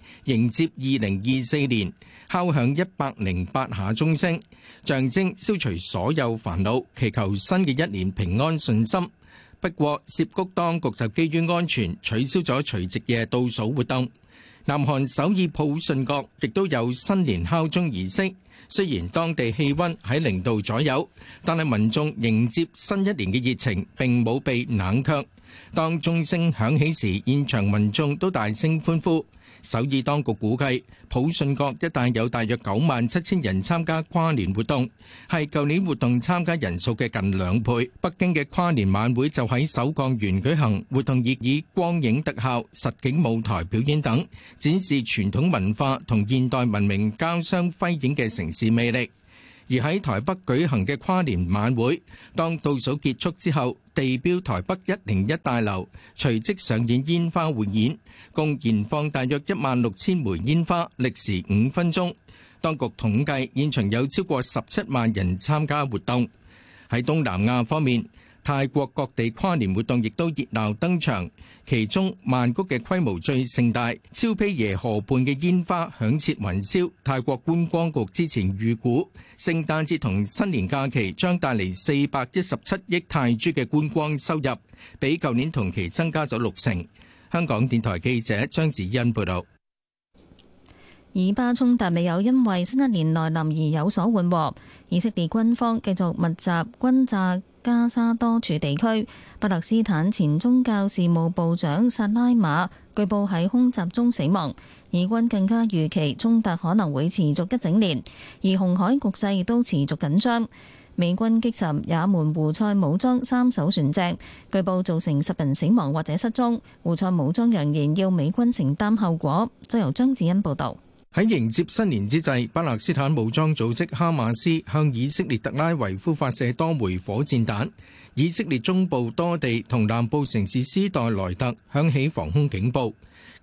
Speaker 2: 迎接二零二四年，敲響一百零八下鐘聲，象徵消除所有煩惱，祈求新嘅一年平安順心。不過，涉谷當局就基於安全取消咗除夕夜倒數活動。南韓首爾普信閣亦都有新年敲鐘儀式，雖然當地氣温喺零度左右，但係民眾迎接新一年嘅熱情並冇被冷卻。當鐘聲響起時，現場民眾都大聲歡呼。首爾當局估計，普信閣一帶有大約九萬七千人參加跨年活動，係舊年活動參加人數嘅近兩倍。北京嘅跨年晚會就喺首鋼園舉行，活動亦以光影特效、實景舞台表演等展示傳統文化同現代文明交相輝映嘅城市魅力。而喺台北舉行嘅跨年晚會，當倒數結束之後，地標台北一零一大樓隨即上演煙花匯演。共燃放大約一萬六千枚煙花，歷時五分鐘。當局統計現場有超過十七萬人參加活動。喺東南亞方面，泰國各地跨年活動亦都熱鬧登場，其中曼谷嘅規模最盛大，昭披耶河畔嘅煙花響徹雲霄。泰國觀光局之前預估，聖誕節同新年假期將帶嚟四百一十七億泰銖嘅觀光收入，比舊年同期增加咗六成。香港電台記者張子欣報道，
Speaker 12: 以巴衝突未有因為新一年來臨而有所緩和，以色列軍方繼續密集轟炸加沙多處地區。巴勒斯坦前宗教事務部長薩拉馬據報喺空襲中死亡。以軍更加預期衝突可能會持續一整年，而紅海局勢亦都持續緊張。美軍擊沉也門胡塞武裝三艘船隻，據報造成十人死亡或者失蹤。胡塞武裝揚言要美軍承擔後果。再由張子欣報導。
Speaker 2: 喺迎接新年之際，巴勒斯坦武裝組織哈馬斯向以色列特拉維夫發射多枚火箭彈，以色列中部多地同南部城市斯代萊特響起防空警報。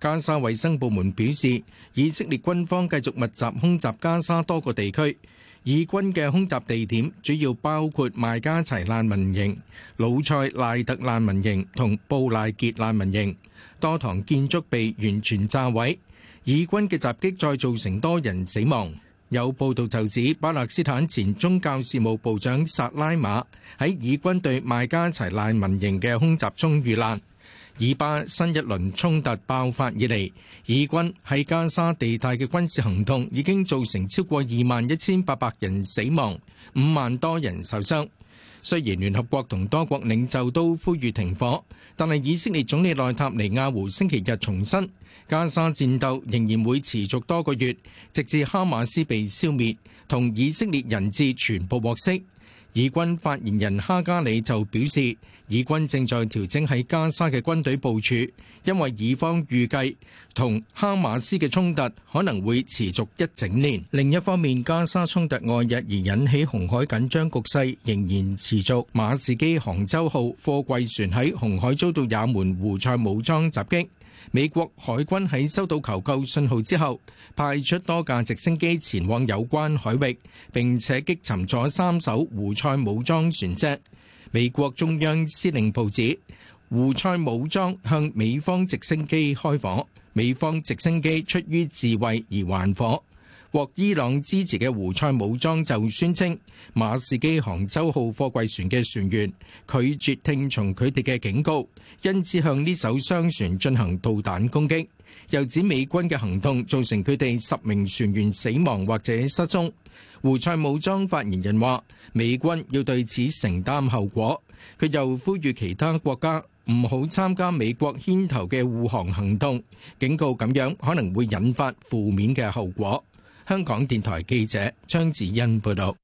Speaker 2: 加沙衛生部門表示，以色列軍方繼續密集空襲加沙多個地區。以軍嘅空襲地點主要包括麥加齊難民營、魯塞賴特難民營同布賴傑難民營，多幢建築被完全炸毀。以軍嘅襲擊再造成多人死亡。有報道就指巴勒斯坦前宗教事務部長薩拉馬喺以軍對麥加齊難民營嘅空襲中遇難。以巴新一輪衝突爆發以嚟，以軍喺加沙地帶嘅軍事行動已經造成超過二萬一千八百人死亡，五萬多人受傷。雖然聯合國同多國領袖都呼籲停火，但係以色列總理內塔尼亞胡星期日重申，加沙戰鬥仍然會持續多個月，直至哈馬斯被消滅，同以色列人質全部獲釋。以軍發言人哈加里就表示：以軍正在調整喺加沙嘅軍隊部署，因為以方預計同哈馬斯嘅衝突可能會持續一整年。另一方面，加沙衝突外溢而引起紅海緊張局勢，仍然持續。馬士基杭州號貨櫃船喺紅海遭到也門胡塞武裝襲擊，美國海軍喺收到求救信號之後，派出多架直升機前往有關海域，並且擊沉咗三艘胡塞武裝船隻。美國中央司令部指，胡塞武裝向美方直升機開火，美方直升機出於自衛而還火。獲伊朗支持嘅胡塞武裝就宣稱，馬士基杭州號貨櫃船嘅船員拒絕聽從佢哋嘅警告，因此向呢艘商船進行導彈攻擊。又指美軍嘅行動造成佢哋十名船員死亡或者失蹤。胡塞武裝發言人話：美軍要對此承擔後果。佢又呼籲其他國家唔好參加美國牽頭嘅護航行動，警告咁樣可能會引發負面嘅後果。香港電台記者張子欣報導。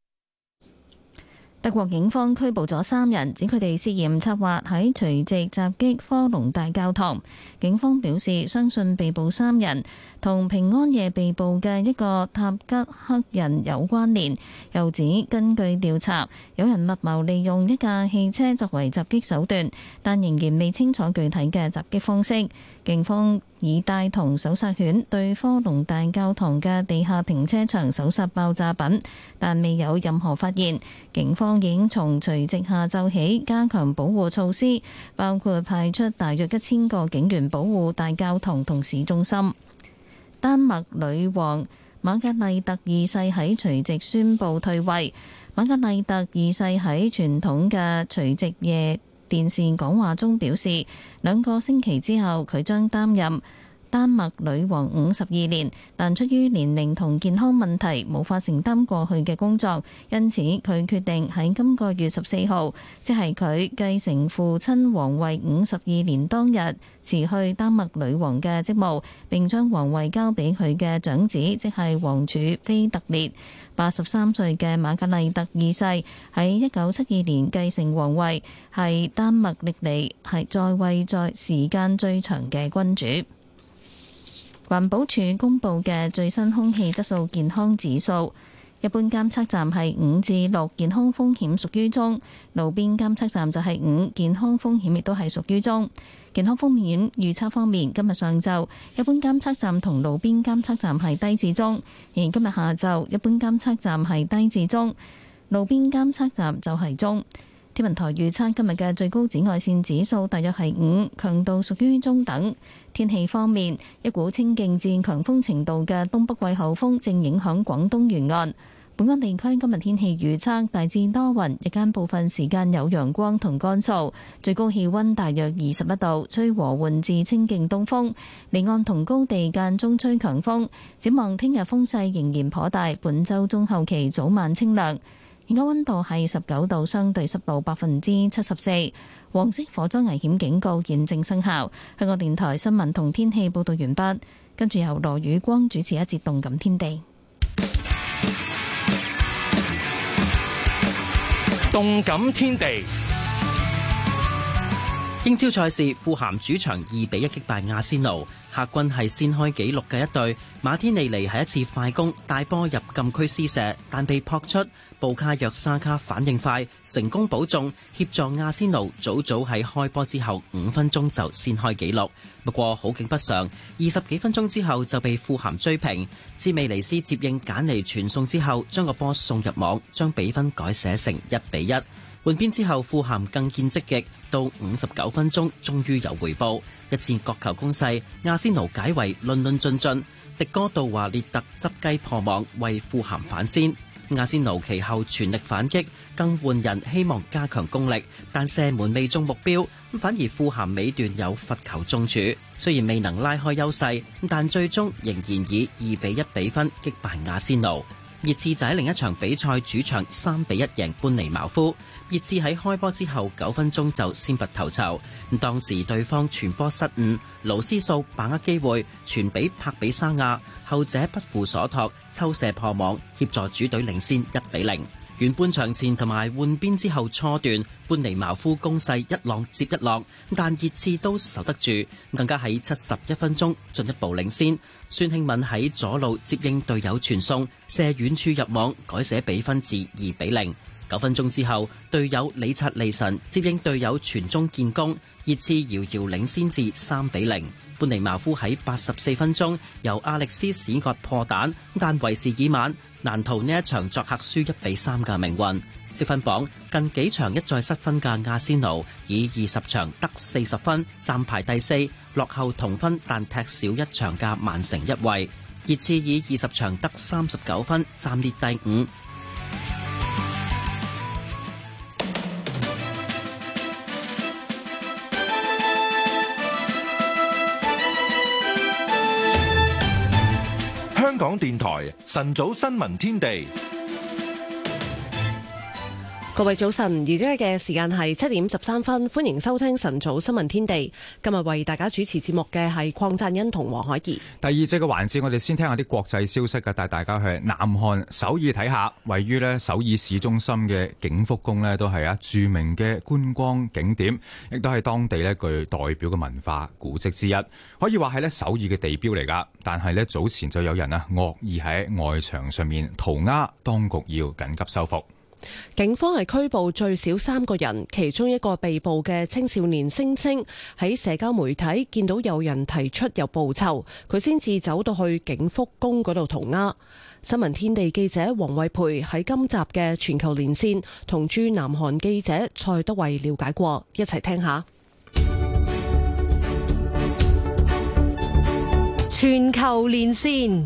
Speaker 12: 德國警方拘捕咗三人，指佢哋涉嫌策劃喺除夕襲擊科隆大教堂。警方表示，相信被捕三人同平安夜被捕嘅一個塔吉克人有關聯。又指根據調查，有人密謀利用一架汽車作為襲擊手段，但仍然未清楚具體嘅襲擊方式。警方已帶同搜殺犬對科隆大教堂嘅地下停車場搜殺爆炸品，但未有任何發現。警方已經從除夕下晝起加強保護措施，包括派出大約一千個警員保護大教堂同市中心。丹麥女王瑪格麗特二世喺除夕宣布退位。瑪格麗特二世喺傳統嘅除夕夜，電線講話中表示，兩個星期之後佢將擔任。丹麥女王五十二年，但出於年齡同健康問題，無法承擔過去嘅工作，因此佢決定喺今個月十四號，即係佢繼承父親王位五十二年當日辭去丹麥女王嘅職務，並將王位交俾佢嘅長子，即係王儲菲特烈。八十三歲嘅瑪格麗特二世喺一九七二年繼承王位，係丹麥歷嚟係在位在時間最長嘅君主。環保署公布嘅最新空氣質素健康指數，一般監測站係五至六，健康風險屬於中；路邊監測站就係五，健康風險亦都係屬於中。健康風險預測方面，今日上晝一般監測站同路邊監測站係低至中，而今日下晝一般監測站係低至中，路邊監測站就係中。天文台預測今日嘅最高紫外線指數大約係五，強度屬於中等。天氣方面，一股清勁至強風程度嘅東北季候風正影響廣東沿岸。本港地區今日天氣預測大致多雲，日間部分時間有陽光同乾燥，最高氣温大約二十一度，吹和緩至清勁東風，離岸同高地間中吹強風。展望聽日風勢仍然頗大，本週中後期早晚清涼。而家溫度係十九度，相對濕度百分之七十四，黃色火災危險警告現正生效。香港電台新聞同天氣報道完畢，跟住由羅宇光主持一節動感天地。
Speaker 2: 動感天地，天地
Speaker 16: 英超賽事富咸主場二比一擊敗阿仙奴。客軍係先開紀錄嘅一隊，馬天尼尼喺一次快攻帶波入禁區施射，但被撲出。布卡約沙卡反應快，成功保中，協助亞仙奴早早喺開波之後五分鐘就先開紀錄。不過好景不常，二十幾分鐘之後就被富咸追平。智美尼斯接應簡尼傳送之後，將個波送入網，將比分改寫成一比一。換邊之後，富咸更見積極，到五十九分鐘終於有回報。一戰角球攻勢，阿仙奴解圍論論盡盡，迪哥杜華列特執雞破網，為富咸反先，阿仙奴其後全力反擊，更換人希望加強功力，但射門未中目標，反而富咸尾段有罰球中柱，雖然未能拉開優勢，但最終仍然以二比一比分擊敗阿仙奴。熱刺就喺另一場比賽主場三比一贏班尼茅夫。熱刺喺開波之後九分鐘就先拔頭籌，當時對方傳波失誤，勞斯素把握機會傳俾帕比沙亞，後者不負所託，抽射破網，協助主隊領先一比零。遠半場前同埋換邊之後初段，班尼茅夫攻勢一浪接一浪，但熱刺都守得住，更加喺七十一分鐘進一步領先。孫興敏喺左路接應隊友傳送，射遠處入網，改寫比分至二比零。九分鐘之後，隊友李察利神接應隊友傳中建功，熱刺遙遙領先至三比零。班尼茅夫喺八十四分鐘由阿力斯閃角破蛋，但為時已晚。難逃呢一場作客輸一比三嘅命運。積分榜近幾場一再失分嘅阿仙奴，以二十場得四十分，暫排第四，落後同分但踢少一場嘅曼城一位。熱刺以二十場得三十九分，暫列第五。
Speaker 1: 香港電台晨早新聞天地。
Speaker 3: 各位早晨，而家嘅時間係七點十三分，歡迎收聽晨早新聞天地。今日為大家主持節目嘅係鄺贊恩同黃海怡。
Speaker 4: 第二節嘅環節，我哋先聽下啲國際消息啊，帶大家去南韓首爾睇下。位於咧首爾市中心嘅景福宮咧，都係啊著名嘅觀光景點，亦都係當地咧具代表嘅文化古跡之一，可以話係咧首爾嘅地標嚟噶。但係咧早前就有人啊惡意喺外牆上面塗鴉，當局要緊急修復。
Speaker 3: 警方係拘捕最少三個人，其中一個被捕嘅青少年聲稱喺社交媒體見到有人提出有報酬，佢先至走到去景福宮嗰度塗鴉。新聞天地記者黃慧培喺今集嘅全球連線同駐南韓記者蔡德惠了解過，一齊聽下。全球
Speaker 15: 連線，連線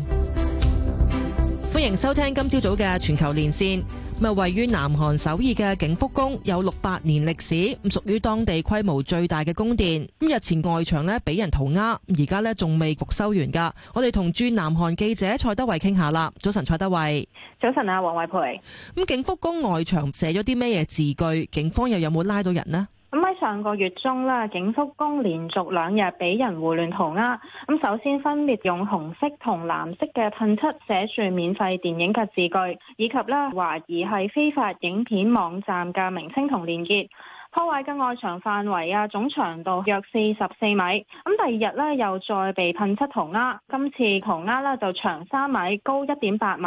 Speaker 15: 歡迎收聽今朝早嘅全球連線。咪位於南韓首爾嘅景福宮有六百年歷史，屬於當地規模最大嘅宮殿。咁日前外牆呢俾人塗鴉，而家呢仲未復修完噶。我哋同駐南韓記者蔡德偉傾下啦。早晨，蔡德偉。早晨啊，黃偉培。咁景福宮外牆寫咗啲咩嘢字句？警方又有冇拉到人呢？
Speaker 17: 咁喺上個月中啦，景福宮連續兩日俾人胡亂塗鴉。咁首先分別用紅色同藍色嘅噴漆寫住免費電影嘅字句，以及啦懷疑係非法影片網站嘅名稱同連結。鋪位嘅外牆範圍啊，總長度約四十四米。咁第二日呢，又再被噴出塗鴉。今次塗鴉呢，就長三米，高一點八米。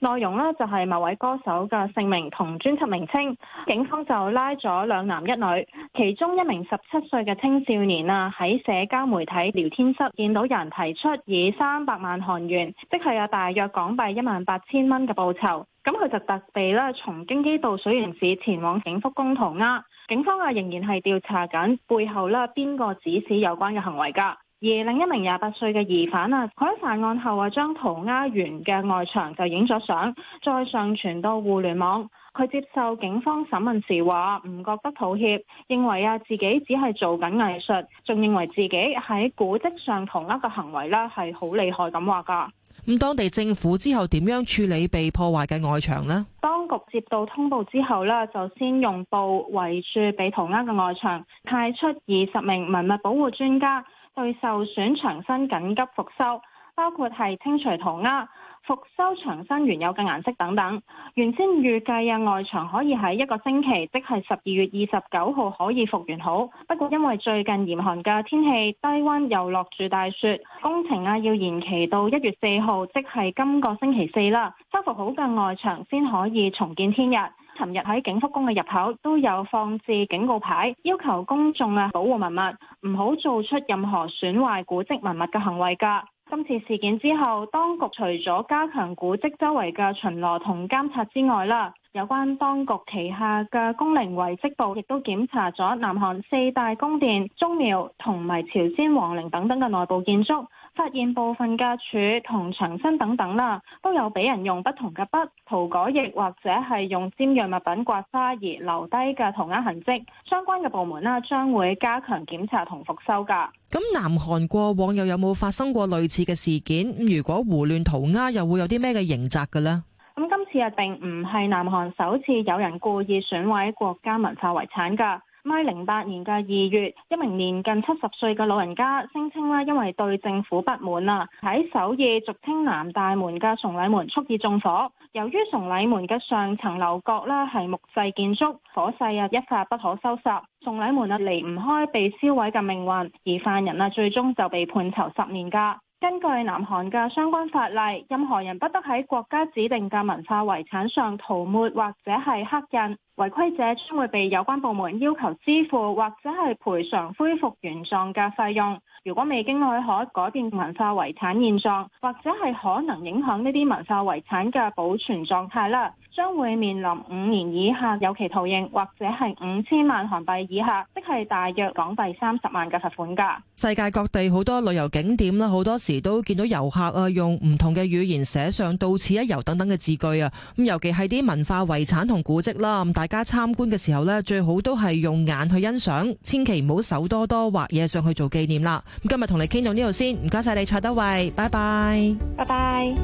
Speaker 17: 內容呢，就係某位歌手嘅姓名同專輯名稱。警方就拉咗兩男一女，其中一名十七歲嘅青少年啊，喺社交媒體聊天室見到有人提出以三百萬韓元，即係有大約港幣一萬八千蚊嘅報酬。咁佢就特地咧，從京畿道水原市前往景福宮塗鴉，警方啊仍然係調查緊背後呢邊個指使有關嘅行為㗎。而另一名廿八歲嘅疑犯啊，佢喺犯案後啊將塗鴉園嘅外牆就影咗相，再上傳到互聯網。佢接受警方審問時話唔覺得抱歉，認為啊自己只係做緊藝術，仲認為自己喺古蹟上塗鴉嘅行為呢係好厲害咁
Speaker 15: 話㗎。咁當地政府之後點樣處理被破壞嘅外牆呢？
Speaker 17: 當局接到通報之後呢就先用布圍住被塗鴉嘅外牆，派出二十名文物保護專家對受損牆身緊急復修，包括係清除塗鴉。復修長新原有嘅顏色等等，原先預計啊外牆可以喺一個星期，即係十二月二十九號可以復原好。不過因為最近嚴寒嘅天氣，低溫又落住大雪，工程啊要延期到一月四號，即係今個星期四啦。修復好嘅外牆先可以重見天日。尋日喺景福宮嘅入口都有放置警告牌，要求公眾啊保護文物，唔好做出任何損壞古蹟文物嘅行為㗎。今次事件之後，當局除咗加強古蹟周圍嘅巡邏同監察之外啦，有關當局旗下嘅工齡遺跡部亦都檢查咗南韓四大宮殿、宗廟同埋朝鮮皇陵等等嘅內部建築。發現部分架柱同牆身等等啦，都有俾人用不同嘅筆塗改液或者係用尖銳物品刮花而留低嘅塗鴉痕跡。相關嘅部門啦，將會加強檢查同復修噶。
Speaker 15: 咁南韓過往又有冇發生過類似嘅事件？如果胡亂塗鴉，又會有啲咩嘅刑責嘅咧？
Speaker 17: 咁今次啊，並唔係南韓首次有人故意損毀國家文化遺產噶。喺零八年嘅二月，一名年近七十歲嘅老人家聲稱啦，因為對政府不滿啊，喺首爾俗稱南大門嘅崇禮門蓄意縱火。由於崇禮門嘅上層樓閣啦係木製建築，火勢啊一發不可收拾，崇禮門啊離唔開被燒毀嘅命運。而犯人啊最終就被判囚十年噶。根據南韓嘅相關法例，任何人不得喺國家指定嘅文化遺產上塗抹或者係刻印，違規者將會被有關部門要求支付或者係賠償恢復原狀嘅費用。如果未經許可改變文化遺產現狀，或者係可能影響呢啲文化遺產嘅保存狀態啦，將會面臨五年以下有期徒刑，或者係五千萬韓幣以下，即係大約港幣三十萬嘅罰款㗎。
Speaker 15: 世界各地好多旅遊景點啦，好多時都見到遊客啊，用唔同嘅語言寫上“到此一遊”等等嘅字句啊。咁尤其係啲文化遺產同古蹟啦，大家參觀嘅時候呢，最好都係用眼去欣賞，千祈唔好手多多畫嘢上去做紀念啦。今日同你傾到呢度先，唔該晒你蔡德偉，拜拜，拜拜。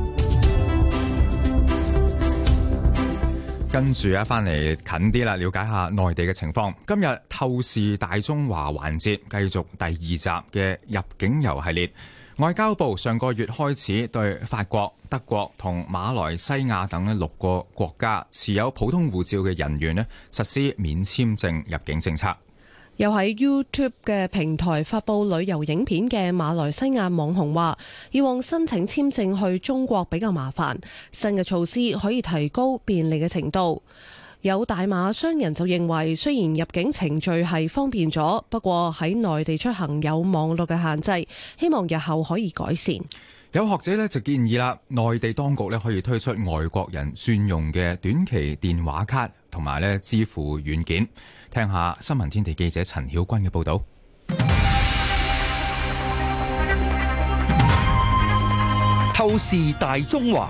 Speaker 4: 跟住啊，翻嚟近啲啦，了解下內地嘅情況。今日透視大中華環節，繼續第二集嘅入境遊系列。外交部上個月開始對法國、德國同馬來西亞等呢六個國家持有普通護照嘅人員呢，實施免簽證入境政策。
Speaker 3: 又喺 YouTube 嘅平台發佈旅遊影片嘅馬來西亞網紅話：以往申請簽證去中國比較麻煩，新嘅措施可以提高便利嘅程度。有大馬商人就認為，雖然入境程序係方便咗，不過喺內地出行有網絡嘅限制，希望日後可以改善。
Speaker 4: 有學者呢就建議啦，內地當局呢可以推出外國人專用嘅短期電話卡同埋呢支付軟件。聽下新聞天地記者陳曉君嘅報道。
Speaker 7: 透視大中華，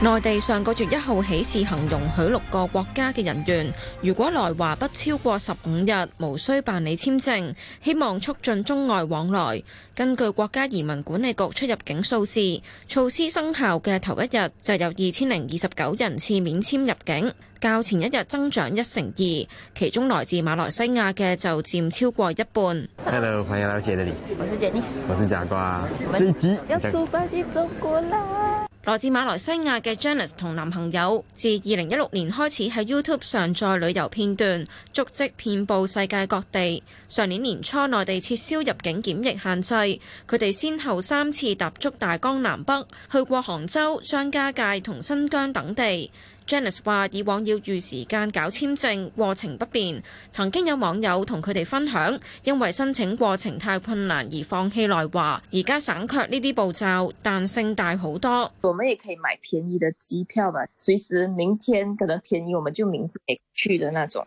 Speaker 13: 內地上個月一號起試行容許六個國家嘅人員，如果來華不超過十五日，無需辦理簽證，希望促進中外往來。根據國家移民管理局出入境數字，措施生效嘅頭一日，就有二千零二十九人次免簽入境。較前一日增長一成二，其中來自馬來西亞嘅就佔超過一半。
Speaker 2: Hello，朋友你好，謝得你。我
Speaker 4: 是 Jenice，
Speaker 2: 我是鄭亞光。
Speaker 18: 一撮花枝走過啦。
Speaker 13: 來自馬來西亞嘅 Janice 同男朋友自二零一六年開始喺 YouTube 上載旅遊片段，足跡遍佈世界各地。上年年初，內地撤銷入境檢疫限制，佢哋先後三次踏足大江南北，去過杭州、張家界同新疆等地。Janice 話以往要預時間搞簽證，過程不便。曾經有網友同佢哋分享，因為申請過程太困難而放棄來華，而家省卻呢啲步驟，彈性大好多。我們也可以買便宜的機票嘛，隨時明
Speaker 18: 天覺得便宜，我們就明天去的那種。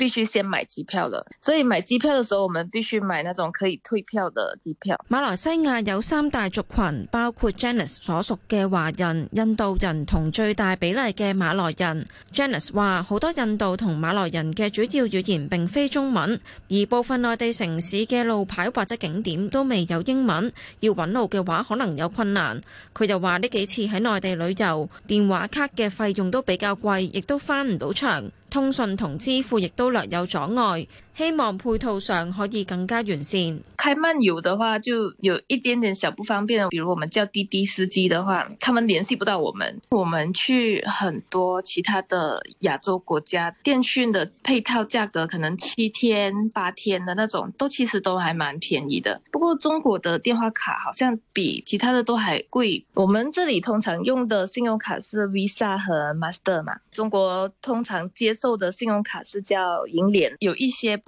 Speaker 18: 必須先買機票了，所以買機票的時候我們必須買那種可以退票的機
Speaker 13: 票。馬來西亞有三大族群，包括 Janice 所屬嘅華人、印度人同最大比例嘅馬來人。Janice 話好多印度同馬來人嘅主要語言並非中文，而部分內地城市嘅路牌或者景點都未有英文，要揾路嘅話可能有困難。佢又話呢幾次喺內地旅遊，電話卡嘅費用都比較貴，亦都翻唔到牆。通訊同支付亦都略有阻礙。希望配套上可以更加完善。開漫遊的話，就有一點點小不方便，比如我們叫滴滴司機
Speaker 18: 的話，他們聯繫不到我們。我們去很多其他的亞洲國家，電訊的配套價格可能七天八天的那種，都其實都還蠻便宜的。不過中國的電話卡好像比其他的都還貴。我們這裏通常用的信用卡是 Visa 和 Master 嘛，中國通常
Speaker 13: 接受的信用卡是叫銀聯，有一些。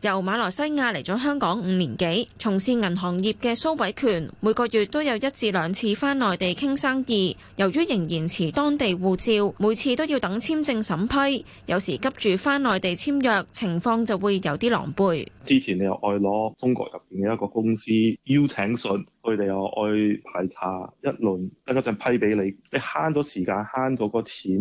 Speaker 13: 由馬來西亞嚟咗香港五年幾，從事銀行業嘅蘇偉權每個月都有一至兩次翻內地傾生意。由於仍然持當地護照，每次都要等簽證審批，有時急住翻內地簽約，情況就會有啲狼狽。
Speaker 9: 之前你又愛攞中國入邊嘅一個公司邀請信。佢哋又愛排查一輪，等嗰陣批俾你，你慳咗時間，慳咗個錢，吸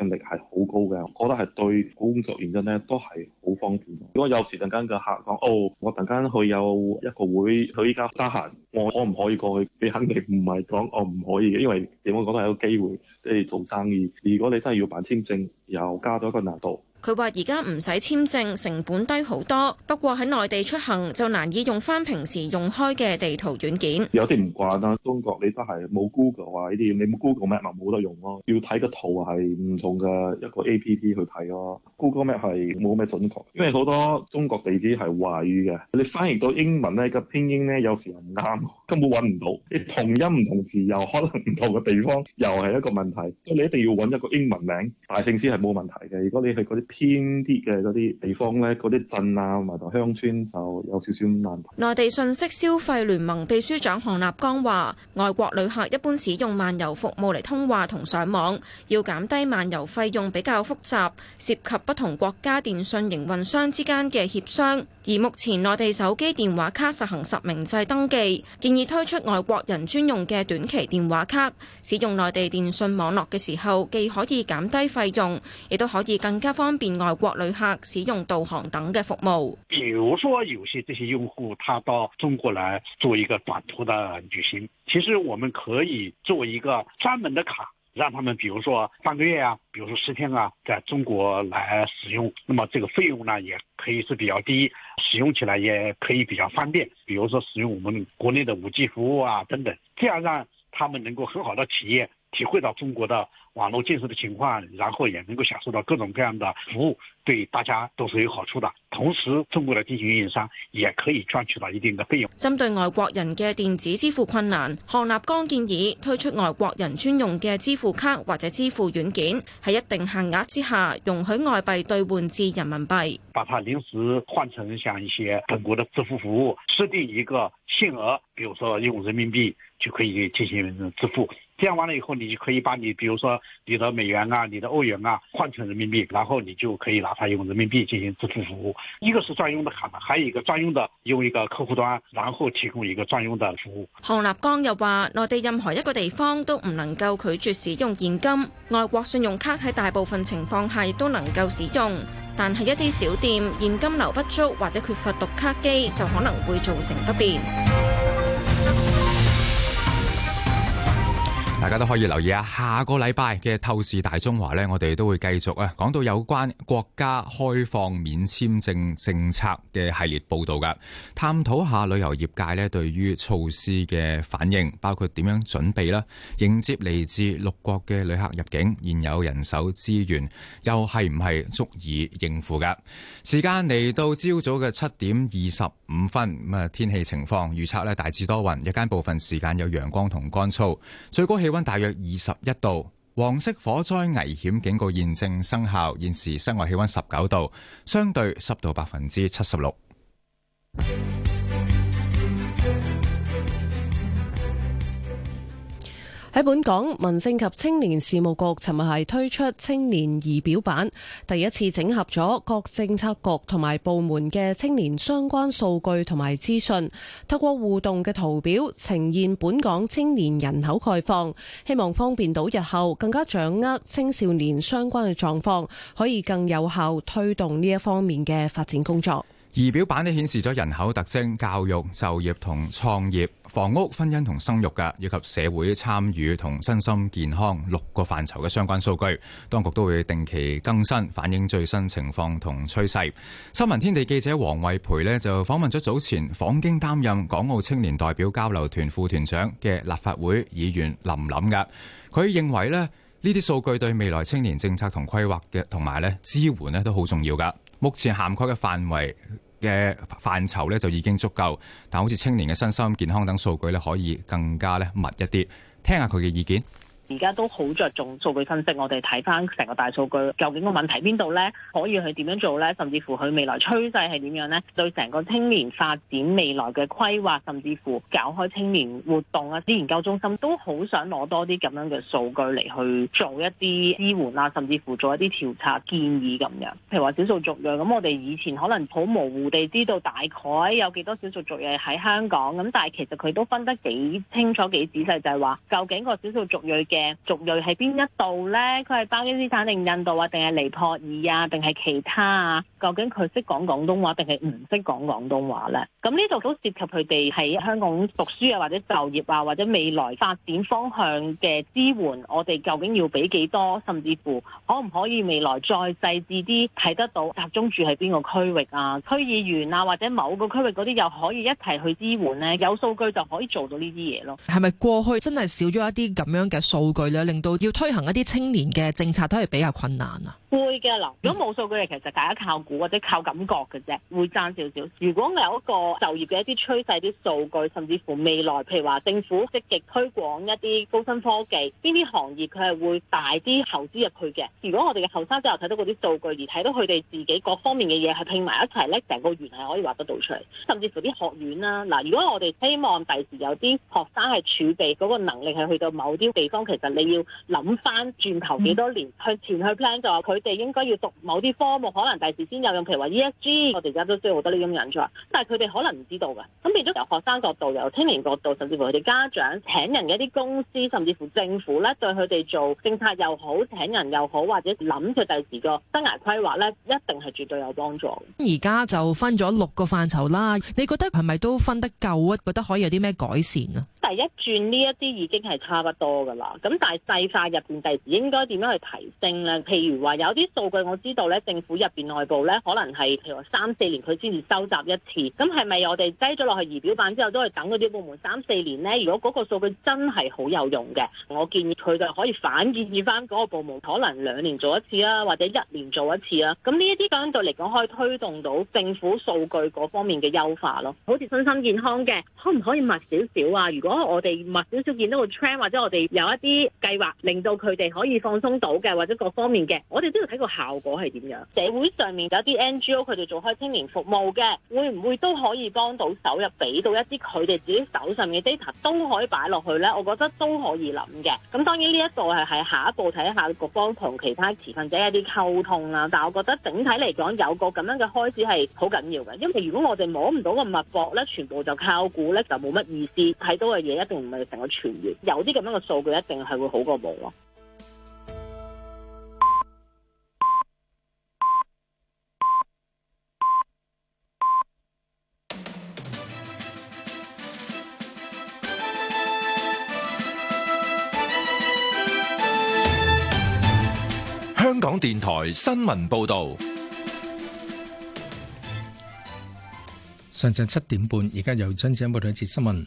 Speaker 9: 引力係好高嘅，我覺得係對工作原因咧都係好方便。如果有時陣間個客講，哦，我陣間去有一個會，佢依家得閒，我可唔可以過去？你肯定唔係講我唔可以嘅，因為點講講都係有，有個機會，即係做生意。如果你真係要辦簽證，又加咗一個難度。
Speaker 13: 佢話：而家唔使簽證，成本低好多。不過喺內地出行就難以用翻平時用開嘅地圖軟件。
Speaker 9: 有啲唔慣啦、啊，中國你都係冇 Google 啊呢啲，你 Google Map 咪冇得用咯、啊。要睇個圖係唔同嘅一個 APP 去睇咯、啊。Google Map 係冇咩準確，因為好多中國地址係華語嘅，你翻譯到英文呢個拼音呢，有時唔啱，根本揾唔到。你同音唔同字又可能唔同嘅地方又係一個問題，所以你一定要揾一個英文名，大正師係冇問題嘅。如果你去嗰啲。偏啲嘅嗰啲地方咧，嗰啲鎮啊同鄉村就有少少難。
Speaker 13: 內地信息消費聯盟秘書長韓立剛話，外國旅客一般使用漫遊服務嚟通話同上網，要減低漫遊費用比較複雜，涉及不同國家電信營運商之間嘅協商。而目前內地手機電話卡實行實名制登記，建議推出外國人專用嘅短期電話卡，使用內地電信網絡嘅時候，既可以減低費用，亦都可以更加方便。外國旅客使用導航等的服務，
Speaker 14: 比如說有些這些用戶，他到中國來做一個短途的旅行，其實我們可以做一個專門的卡，讓他們，比如說半個月啊，比如說十天啊，在中國來使用，那麼這個費用呢，也可以是比較低，使用起來也可以比較方便，比如說使用我們國內的 5G 服務啊，等等，這樣讓他們能夠很好的體驗。體會到中國的網絡建設的情況，然後也能夠享受到各種各樣的服務，對大家都是有好處的。同時，中國的電信運營商也可以賺取到一定的費用。
Speaker 13: 針對外國人嘅電子支付困難，韓立剛建議推出外國人專用嘅支付卡或者支付軟件，喺一定限額之下，容許外幣兌換至人民幣。
Speaker 14: 把它臨時換成像一些本國的支付服務，設定一個限額，比如說用人民幣就可以進行支付。這樣完了以後，你就可以把你，比如說你的美元啊、你的歐元啊，換成人民幣，然後你就可以拿它用人民幣進行支付服務。一個是專用的卡嘛，還有一個專用的用一個客戶端，然後提供一個專用的服務。
Speaker 13: 項立剛又話：內地任何一個地方都唔能夠拒絕使用現金，外國信用卡喺大部分情況下亦都能夠使用，但係一啲小店現金流不足或者缺乏讀卡機，就可能會造成不便。
Speaker 4: 大家都可以留意啊，下個禮拜嘅透視大中華咧，我哋都會繼續啊，講到有關國家開放免簽證政策嘅系列報道噶，探討下旅遊業界咧對於措施嘅反應，包括點樣準備啦，迎接嚟自六國嘅旅客入境，現有人手資源又係唔係足以應付噶？時間嚟到朝早嘅七點二十五分，咁啊天氣情況預測咧，大致多雲，日間部分時間有陽光同乾燥，最高氣氣溫大約二十一度，黃色火災危險警告現正生效。現時室外氣溫十九度，相對濕度百分之七十六。
Speaker 3: 喺本港民政及青年事務局，尋日係推出青年儀表版，第一次整合咗各政策局同埋部門嘅青年相關數據同埋資訊，透過互動嘅圖表呈現本港青年人口概況，希望方便到日後更加掌握青少年相關嘅狀況，可以更有效推動呢一方面嘅發展工作。
Speaker 4: 儀表板呢顯示咗人口特徵、教育、就業同創業、房屋、婚姻同生育嘅，以及社會參與同身心健康六個範疇嘅相關數據。當局都會定期更新，反映最新情況同趨勢。新聞天地記者黃惠培呢就訪問咗早前訪京擔任港澳青年代表交流團副團長嘅立法會議員林琳嘅。佢認為呢啲數據對未來青年政策同規劃嘅同埋呢支援都好重要噶。目前涵蓋嘅範圍。嘅範疇咧就已經足夠，但好似青年嘅身心健康等數據咧，可以更加咧密一啲。聽下佢嘅意見。
Speaker 19: 而家都好着重數據分析，我哋睇翻成個大數據究竟個問題邊度呢？可以去點樣做呢？甚至乎佢未來趨勢係點樣呢？對成個青年發展未來嘅規劃，甚至乎搞開青年活動啊，啲研究中心都好想攞多啲咁樣嘅數據嚟去做一啲支援啊，甚至乎做一啲調查建議咁樣。譬如話少數族裔，咁我哋以前可能好模糊地知道大概有幾多少數族裔喺香港，咁但係其實佢都分得幾清楚幾仔細，就係話究竟個少數族裔嘅族裔喺邊一度呢？佢係巴基斯坦定印度啊？定係尼泊爾啊？定係其他啊？究竟佢識講廣東話定係唔識講廣東話呢？咁呢度都涉及佢哋喺香港讀書啊，或者就業啊，或者未來發展方向嘅支援，我哋究竟要俾幾多？甚至乎可唔可以未來再細緻啲睇得到？集中住喺邊個區域啊？區議員啊，或者某個區域嗰啲又可以一齊去支援呢？有數據就可以做到呢啲嘢咯。
Speaker 15: 係咪過去真係少咗一啲咁樣嘅數？數據咧，令到要推行一啲青年嘅政策都係比較困難啊。
Speaker 19: 會嘅嗱，如果冇數據嘅，其實大家靠估或者靠感覺嘅啫，會爭少少。如果有一個就業嘅一啲趨勢、啲數據，甚至乎未來，譬如話政府積極推廣一啲高新科技，邊啲行業佢係會大啲投資入去嘅。如果我哋嘅後生仔又睇到嗰啲數據，而睇到佢哋自己各方面嘅嘢係拼埋一齊咧，成個圓係可以畫得到出嚟。甚至乎啲學院啦，嗱，如果我哋希望第時有啲學生係儲備嗰個能力，係去到某啲地方，其實。其實你要諗翻轉頭幾多年去、嗯、前去 plan，就話佢哋應該要讀某啲科目，可能第時先有用。譬如話 ESG，我哋而家都需要好多呢種人才，但係佢哋可能唔知道㗎。咁變咗由學生角度、由青年角度，甚至乎佢哋家長請人嘅一啲公司，甚至乎政府咧對佢哋做政策又好、請人又好，或者諗佢第時個生涯規劃咧，一定係絕對有幫助。
Speaker 15: 而家就分咗六個範疇啦，你覺得係咪都分得夠啊？覺得可以有啲咩改善
Speaker 19: 啊？第一轉呢一啲已經係差不多㗎啦。咁但係細化入面，第時應該點樣去提升咧？譬如話有啲數據我知道咧，政府入面內部咧可能係譬如話三四年佢先至收集一次，咁係咪我哋擠咗落去儀表板之後都係等嗰啲部門三四年咧？如果嗰個數據真係好有用嘅，我建議佢就可以反建議翻嗰個部門可能兩年做一次啦，或者一年做一次啦。咁呢一啲相對嚟講可以推動到政府數據嗰方面嘅優化咯。好似身心健康嘅，可唔可以密少少啊？如果我哋密少少見到個 trend 或者我哋有一啲。啲計劃令到佢哋可以放鬆到嘅，或者各方面嘅，我哋都要睇個效果係點樣。社會上面有啲 NGO 佢哋做開青年服務嘅，會唔會都可以幫到手入，俾到一啲佢哋自己手上面嘅 data 都可以擺落去呢？我覺得都可以諗嘅。咁當然呢一個係係下一步睇下局方同其他持份者一啲溝通啦，啊。但係我覺得整體嚟講有個咁樣嘅開始係好緊要嘅，因為如果我哋摸唔到個脈搏咧，全部就靠估咧，就冇乜意思，睇到嘅嘢一定唔係成個全圓。有啲咁樣嘅數據一定。
Speaker 1: 係會好過冇啊？香港電台新聞報道，
Speaker 2: 上晝七點半，而家由張生報道兩節新聞。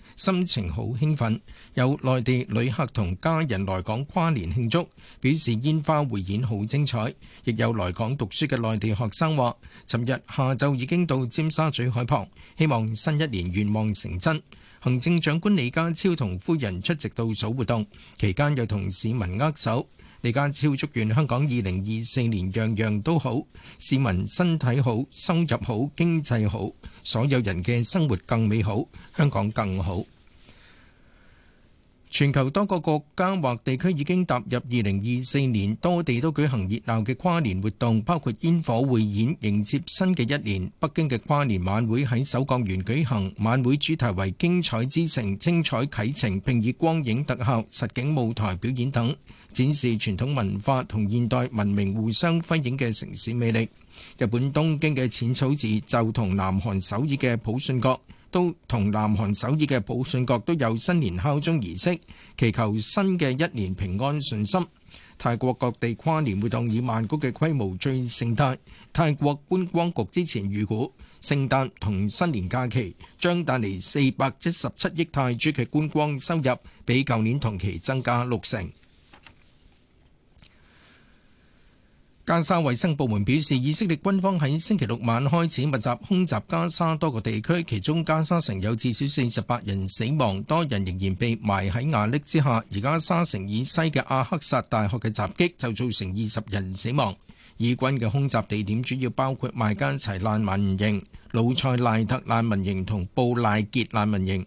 Speaker 2: 心情好興奮，有內地旅客同家人來港跨年慶祝，表示煙花匯演好精彩。亦有來港讀書嘅內地學生話，尋日下晝已經到尖沙咀海旁，希望新一年願望成真。行政長官李家超同夫人出席倒數活動，期間又同市民握手。李家超祝願香港二零二四年樣樣都好，市民身體好、收入好、經濟好。所有人嘅生活更美好，香港更好。全球多個國家或地區已經踏入二零二四年，多地都舉行熱鬧嘅跨年活動，包括煙火匯演，迎接新嘅一年。北京嘅跨年晚會喺首鋼園舉行，晚會主題為「精彩之城，精彩啟程」，並以光影特效、實景舞台表演等展示傳統文化同現代文明互相輝映嘅城市魅力。日本東京嘅淺草寺就同南韓首爾嘅普信閣都同南韓首爾嘅普信閣都有新年敲鐘儀式，祈求新嘅一年平安順心。泰國各地跨年活動以曼谷嘅規模最盛大。泰國觀光局之前預估，聖誕同新年假期將帶嚟四百一十七億泰銖嘅觀光收入，比舊年同期增加六成。加沙衛生部門表示，以色列軍方喺星期六晚開始密集空襲加沙多個地區，其中加沙城有至少四十八人死亡，多人仍然被埋喺瓦礫之下。而加沙城以西嘅阿克薩大學嘅襲擊就造成二十人死亡。以軍嘅空襲地點主要包括麥加齊難民營、魯塞賴特難民營同布賴傑難民營，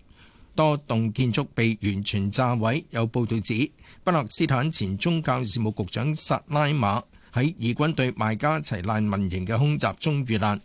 Speaker 2: 多棟建築被完全炸毀。有報道指，巴勒斯坦前宗教事務局長薩拉馬，喺以軍對馬加齊難民營嘅空襲中遇難，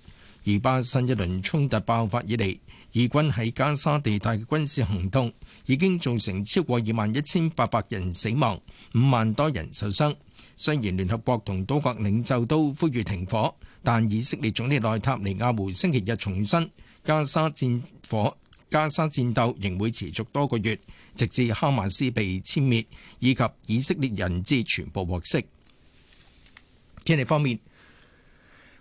Speaker 2: 而巴新一輪衝突爆發以嚟，以軍喺加沙地帶嘅軍事行動已經造成超過二萬一千八百人死亡，五萬多人受傷。雖然聯合國同多國領袖都呼籲停火，但以色列總理內塔尼亞胡星期日重申，加沙戰火、加沙戰鬥仍會持續多個月，直至哈馬斯被殲滅，以及以色列人質全部獲釋。天氣方面，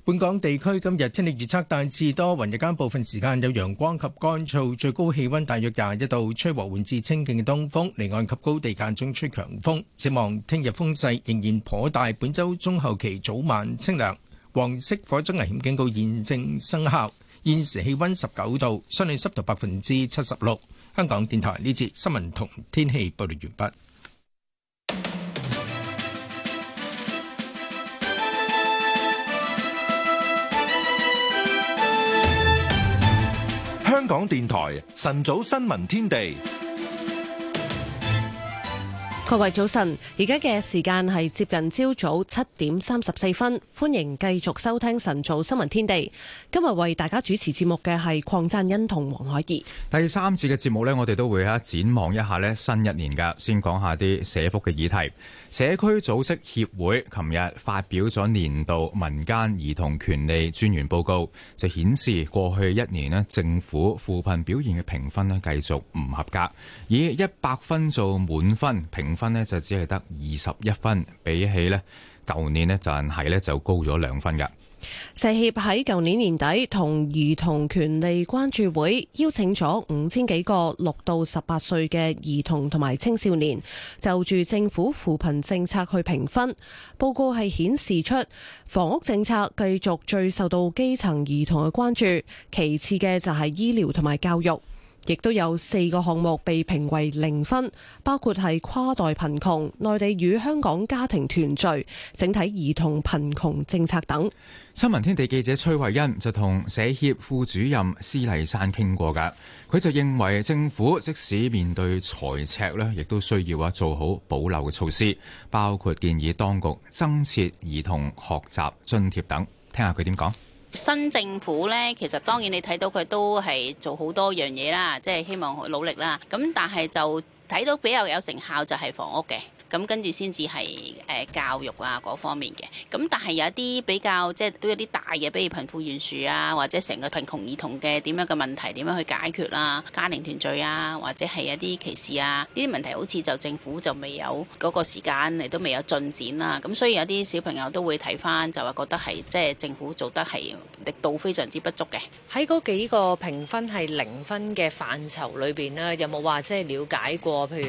Speaker 2: 本港地區今日天氣預測大致多雲，日間部分時間有陽光及乾燥，最高氣溫大約廿一度，吹和緩至清勁嘅東風，離岸及高地間中吹強風。展望聽日風勢仍然頗大，本周中後期早晚清涼。黃色火災危險警告現正生效，現時氣溫十九度，相對濕度百分之七十六。香港電台呢節新聞同天氣報道完畢。
Speaker 1: 香港電台晨早新聞天地。各位早晨，
Speaker 3: 而家嘅時間係接近朝早七點三十四分，歡迎繼續收聽晨早新聞天地。今日為大家主持節目嘅係鄺贊恩同黃海怡。
Speaker 4: 第三節嘅節目咧，我哋都會啊展望一下咧新一年噶。先講下啲社福嘅議題。社區組織協會琴日發表咗年度民間兒童權利專員報告，就顯示過去一年咧政府扶貧表現嘅評分咧繼續唔合格，以一百分做滿分評。分呢就只係得二十一分，比起呢舊年呢就係呢就高咗兩分噶
Speaker 3: 社協喺舊年年底同兒童權利關注會邀請咗五千幾個六到十八歲嘅兒童同埋青少年，就住政府扶貧政策去評分。報告係顯示出房屋政策繼續最受到基層兒童嘅關注，其次嘅就係醫療同埋教育。亦都有四個項目被評為零分，包括係跨代貧窮、內地與香港家庭團聚、整體兒童貧窮政策等。
Speaker 4: 新聞天地記者崔慧欣就同社協副主任施麗珊傾過噶，佢就認為政府即使面對財赤呢，亦都需要啊做好保留嘅措施，包括建議當局增設兒童學習津貼等。聽下佢點講。
Speaker 10: 新政府咧，其實當然你睇到佢都係做好多樣嘢啦，即係希望努力啦。咁但係就睇到比較有成效就係房屋嘅。咁跟住先至係誒教育啊，嗰方面嘅，咁但係有一啲比較即係都有啲大嘅，比如貧富懸殊啊，或者成個貧窮兒童嘅點樣嘅問題點樣去解決啦？家庭團聚啊，或者係一啲歧視啊，呢啲問題好似就政府就未有嗰個時間嚟，也都未有進展啦。咁所以有啲小朋友都會睇翻，就話覺得係即係政府做得係力度非常之不足嘅。
Speaker 3: 喺嗰幾個評分係零分嘅範疇裏邊啦，有冇話即係了解過譬如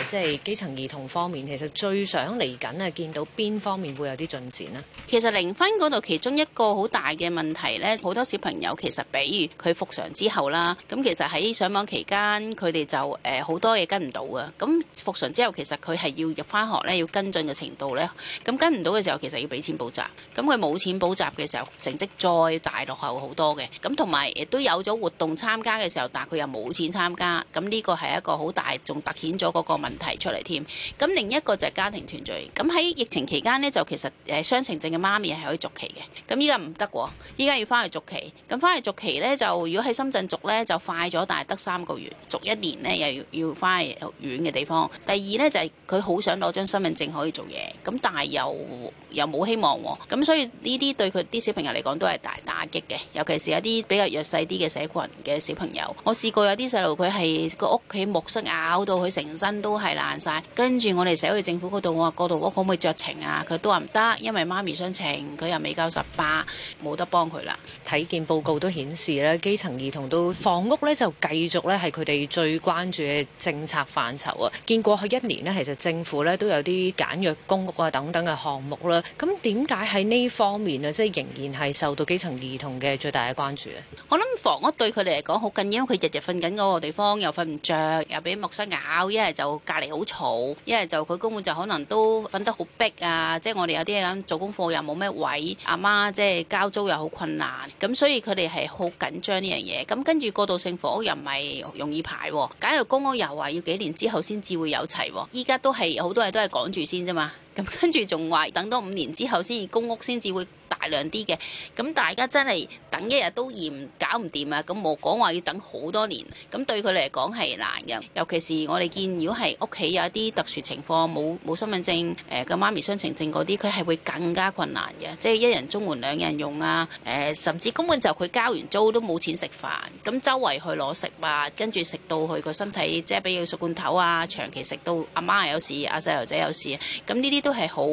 Speaker 3: 誒即係基層兒童方面？其實最想嚟緊啊，見到邊方面會有啲進展呢？其實零分嗰度，其中一個
Speaker 10: 好大嘅問題呢，好多小朋友其實，比如佢復常之後啦，咁其實喺上網期間，佢哋就誒，呃，好多嘢跟唔到啊。咁復常之後，其實佢係要入翻學呢，要跟進嘅程度呢。咁跟唔到嘅時候，其實要俾錢補習。咁佢冇錢補習嘅時候，成績再大落後好多嘅。咁同埋亦都有咗活動參加嘅時候，但係佢又冇錢參加，咁呢個係一個好大，仲突顯咗嗰個問題出嚟添。咁另一個就係家庭團聚，咁喺疫情期間呢，就其實誒雙程證嘅媽咪係可以續期嘅，咁依家唔得喎，依家要翻去續期，咁翻去續期呢，就如果喺深圳續呢，就快咗，但係得三個月，續一年呢，又要要翻去遠嘅地方。第二呢，就係佢好想攞張身份證可以做嘢，咁但係又。又冇希望喎，咁所以呢啲對佢啲小朋友嚟講都係大打擊嘅，尤其是一啲比較弱勢啲嘅社群嘅小朋友。我試過有啲細路，佢係個屋企木虱咬到佢成身都係爛晒。跟住我哋社會政府嗰度，我話過渡屋可唔可以酌情啊？佢都話唔得，因為媽咪雙程佢又未夠十八，
Speaker 3: 冇得幫佢啦。體檢報告都顯示咧，基層兒童到房屋咧就繼續咧係佢哋最關注嘅政策範疇啊。見過去一年呢，其實政府咧都有啲簡約公屋啊等等嘅項目啦。咁點解喺呢方面啊，即係仍然係受到基層兒童嘅最大嘅關注
Speaker 10: 咧？我諗房屋對佢哋嚟講好緊要，因為佢日日瞓緊嗰個地方，又瞓唔着，又俾木蝨咬，一係就隔離好嘈，一係就佢根本就可能都瞓得好逼啊！即係我哋有啲咁做功課又冇咩位，阿媽，媽即係交租又好困難，咁所以佢哋係好緊張呢樣嘢。咁跟住過渡性房屋又唔係容易排，啊，假如公屋又話要幾年之後先至會有齊，啊，依家都係好多嘢都係趕住先啫嘛。咁跟住仲話，等多五年之後，先至公屋先至會。大量啲嘅，咁大家真係等一日都嫌搞唔掂啊！咁冇講話要等好多年，咁對佢嚟講係難嘅。尤其是我哋見，如果係屋企有一啲特殊情況，冇冇身份證，媽咪雙程證嗰啲，佢係會更加困難嘅。即係一人租門兩人用啊、呃！甚至根本就佢交完租都冇錢食飯，咁周圍去攞食物，跟住食到佢個身體，即係比如熟罐頭啊，長期食到阿媽有事，阿細路仔有事，咁呢啲都係好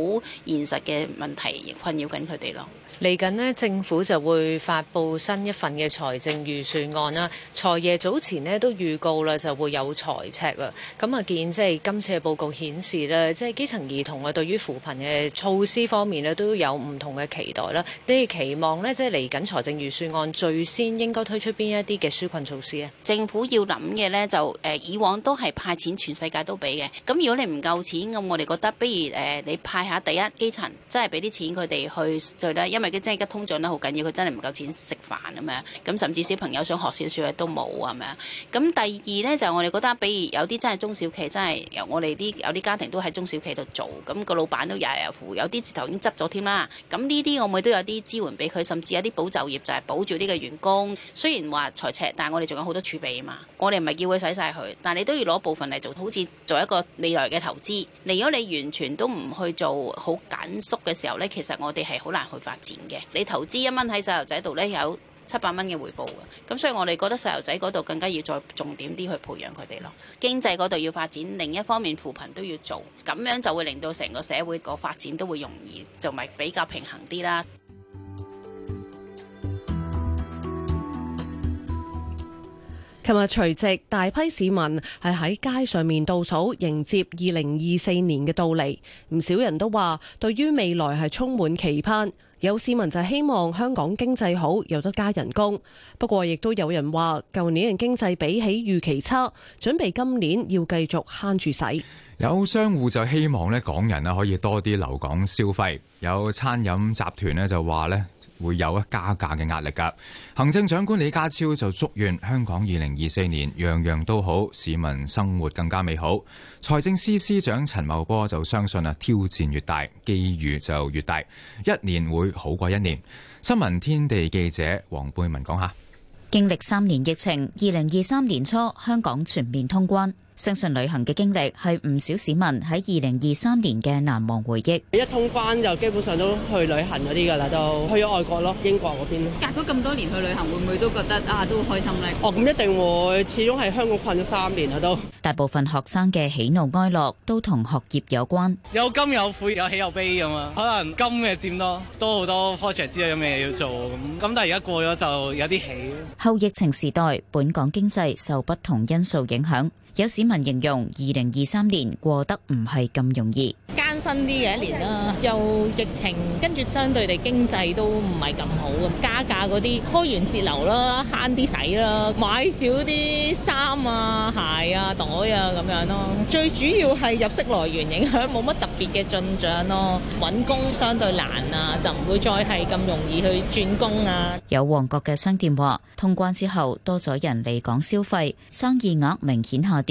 Speaker 10: 現實嘅問題，困擾緊佢哋咯。
Speaker 3: 嚟緊咧，政府就會發布新一份嘅財政預算案啦。財爺早前呢都預告啦，就會有財赤啊。咁啊見即係今次嘅報告顯示咧，即係基層兒童啊，對於扶貧嘅措施方面呢，都有唔同嘅期待啦。啲期望呢，即係嚟緊財政預算案最先應該推出邊一啲嘅紓困措施咧？政府要
Speaker 10: 諗嘅呢，就誒以往都係派錢全世界都俾嘅。咁如果你唔夠錢，咁我哋覺得不如誒你派下第一基層，即係俾啲錢佢哋去，最緊因為。嘅真係而家通脹都好緊要，佢真係唔夠錢食飯啊嘛，咁甚至小朋友想學少少嘢都冇啊嘛。咁第二呢，就是、我哋覺得，比如有啲真係中小企，真係由我哋啲有啲家庭都喺中小企度做，咁個老闆都日日負，有啲字頭已經執咗添啦。咁呢啲我咪都有啲支援俾佢，甚至有啲保就業就係、是、保住呢個員工。雖然話財赤，但係我哋仲有好多儲備啊嘛。我哋唔係叫佢使晒佢，但係你都要攞部分嚟做，好似做一個未來嘅投資。你如果你完全都唔去做好緊縮嘅時候呢，其實我哋係好難去發展。你投資一蚊喺細路仔度咧，有七百蚊嘅回報嘅。咁所以，我哋覺得細路仔嗰度更加要再重點啲去培養佢哋咯。經濟嗰度要發展，另一方面扶貧都要做，咁樣就會令到成個社會個發展都會容易，就咪比較平衡啲啦。
Speaker 3: 琴日除夕，大批市民係喺街上面倒數迎接二零二四年嘅到嚟，唔少人都話對於未來係充滿期盼。有市民就希望香港經濟好，有得加人工。不過，亦都有人話，舊年嘅經濟比起預期差，準備今年要繼續慳住使。
Speaker 4: 有商戶就希望咧，港人呢可以多啲留港消費。有餐飲集團咧就話咧會有一加價嘅壓力㗎。行政長官李家超就祝願香港二零二四年樣樣都好，市民生活更加美好。財政司司長陳茂波就相信啊，挑戰越大，機遇就越大，一年會好過一年。新聞天地記者黃貝文講下：
Speaker 20: 經歷三年疫情，二零二三年初，香港全面通關。相信旅行嘅經歷係唔少市民喺二零二三年
Speaker 3: 嘅難忘回憶。一通關就基本上都去旅行嗰啲噶啦，都去咗外國咯，英國嗰邊。隔
Speaker 20: 咗咁多年去旅行，會唔會都覺得啊，都會開心咧？哦，咁一定
Speaker 3: 會，始終係
Speaker 20: 香港困咗三年啦都。大部分學生嘅喜怒哀樂都同學業有關。
Speaker 8: 有甘有苦有喜有悲噶嘛，可能甘嘅佔多，都好多 project 之類嘅嘢要做。咁咁但係而家過咗就有啲喜。
Speaker 20: 後疫情時代，本港經濟受不同因素影響。有市民形容二零二三年過得唔係咁容易，
Speaker 19: 艱辛啲嘅一年啦，又疫情，跟住相對地經濟都唔係咁好，加價嗰啲，開源節流啦，慳啲使啦，買少啲衫啊、鞋啊、袋啊咁樣咯。最主要係入息來源影響，冇乜特別嘅進賬咯，搵工相對難啊，就唔會再係咁容易去轉工啊。
Speaker 20: 有旺角嘅商店話，通關之後多咗人嚟港消費，生意額明顯下。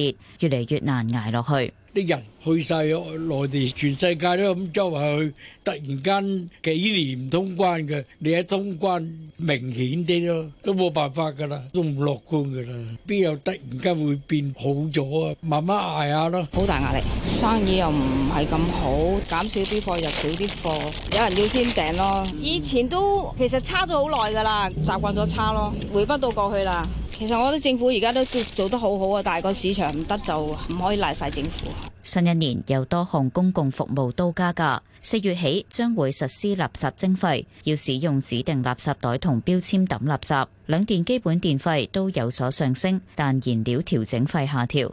Speaker 20: 越嚟越難挨落去，
Speaker 14: 啲人去晒內地，全世界都咁周圍去，突然間幾年唔通關嘅，你喺通關明顯啲咯，都冇辦法噶啦，都唔樂觀噶啦，邊有突然間
Speaker 17: 會變好咗啊？慢慢挨下咯，好大壓力，生意又唔係咁好，
Speaker 11: 減少啲貨入少啲貨，有人要先訂咯，
Speaker 13: 以前都其實差咗好耐噶啦，習慣咗差咯，回不到過去啦。其實我覺得政府而家都做得好好啊，但係個市場唔得就唔可以賴晒政府。
Speaker 20: 新一年有多項公共服務都加價，四月起將會實施垃圾徵費，要使用指定垃圾袋同標籤揼垃圾。兩電基本電費都有所上升，但燃料調整費下調。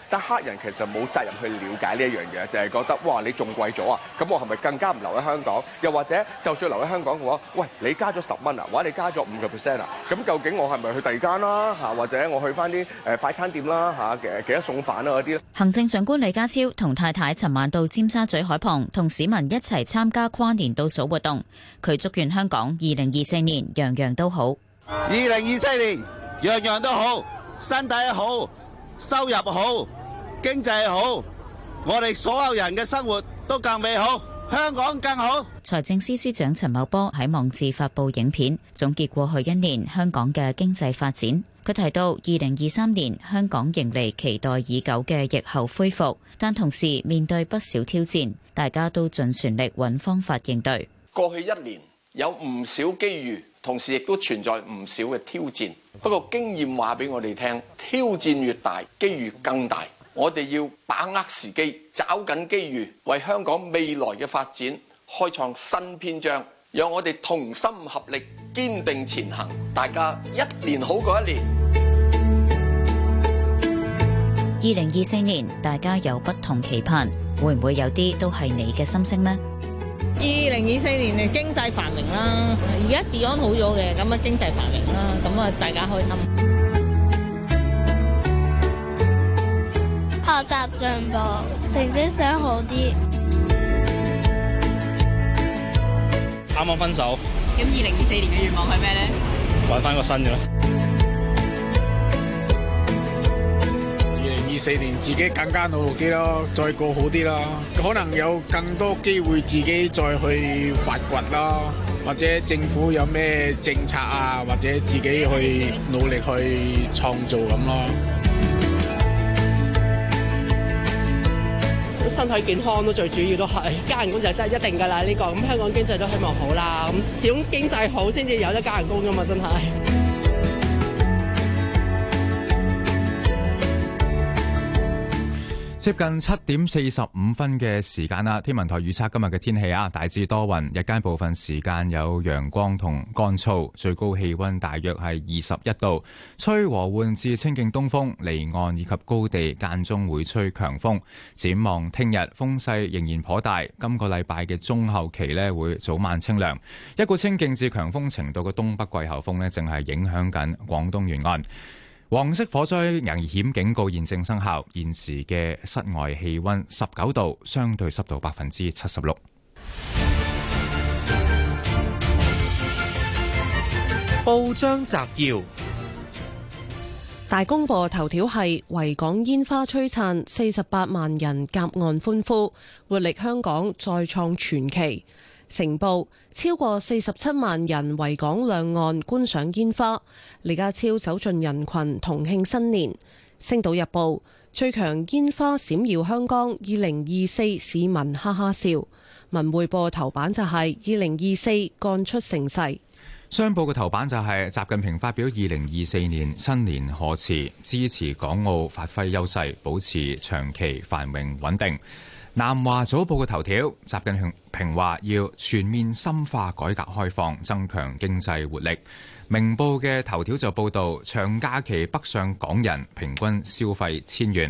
Speaker 2: 但客人其實冇責任去了解呢一樣嘢，就係覺得哇，你仲貴咗啊！咁我係咪更加唔留喺香港？又或者就算留喺香港嘅話，喂，你加咗十蚊啊？或者，你加咗五個 percent 啊？咁究竟我係咪去第二間啦？嚇，或者我去翻啲誒快餐店啦？嚇，誒幾多餸飯啊？嗰啲咧。
Speaker 20: 行政長官李家超同太太尋晚到尖沙咀海旁，同市民一齊參加跨年倒數活動。佢祝願香港二零二四年樣樣都好。
Speaker 14: 二零二四年樣樣都好，身體好，收入好。經濟好，我哋所有人嘅生活都更美好，
Speaker 20: 香港更好。財政司司長陳茂波喺網誌發布影片，總結過去一年香港嘅經濟發展。佢提到，二零二三年香港迎嚟期待已久嘅疫後恢復，但同時面對不少挑戰，大家都盡全力揾方法應對。
Speaker 2: 過去一年有唔少機遇，同時亦都存在唔少嘅挑戰。不過經驗話俾我哋聽，挑戰越大，機遇更大。我哋要把握時機，抓緊機遇，為香港未來嘅發展開創新篇章，讓我哋同心合力，堅定前行。大家一年好過一年。
Speaker 20: 二零二四年，大家有不同期盼，會唔會有啲都係你嘅心聲呢？二
Speaker 18: 零二四年嘅經濟繁榮
Speaker 19: 啦，而家治安好咗嘅，咁啊經濟繁榮啦，咁啊大家開心。
Speaker 20: 學習進步，成績、哦、想
Speaker 1: 好啲。啱啱分手。
Speaker 20: 咁二零二
Speaker 1: 四年嘅願望係咩咧？揾翻個
Speaker 4: 新嘅啦。二零二四年自己更加努力啲咯，再過好啲咯。可能有更多機會自己再去發掘咯，或者政府有咩政策啊，或者自己去努力去創造咁咯。
Speaker 3: 身體健康都最主要，都係加人工就得，一定㗎啦。呢、這個咁、嗯、香港經濟都希望好啦。咁、嗯、
Speaker 16: 始終經濟好先至有得加人工㗎嘛，真係。
Speaker 4: 接近七點四十五分嘅時間啦，天文台預測今日嘅天氣啊，大致多雲，日間部分時間有陽光同乾燥，最高氣溫大約係二十一度，吹和緩至清勁東風，離岸以及高地間中會吹強風。展望聽日風勢仍然頗大，今個禮拜嘅中後期呢，會早晚清涼，一股清勁至強風程度嘅東北季候風呢，正係影響緊廣東沿岸。黃色火災危險警告現正生效。現時嘅室外氣溫十九度，相對濕度百分之七十六。報章摘要：
Speaker 3: 大公報頭條係維港煙花璀璨，四十八萬人夾岸歡呼，活力香港再創傳奇。城報超過四十七萬人圍港兩岸觀賞煙花，李家超走進人群同慶新年。星島日報：最強煙花閃耀香港，二零二四市民哈哈笑。文匯報頭版就係二零二四幹出
Speaker 4: 盛世。商報嘅頭版就係習近平發表二零二四年新年賀詞，支持港澳發揮優勢，保持長期繁榮穩定。南華早報嘅頭條，習近平話要全面深化改革開放，增強經濟活力。明報嘅頭條就報道長假期北上港人平均消費千元。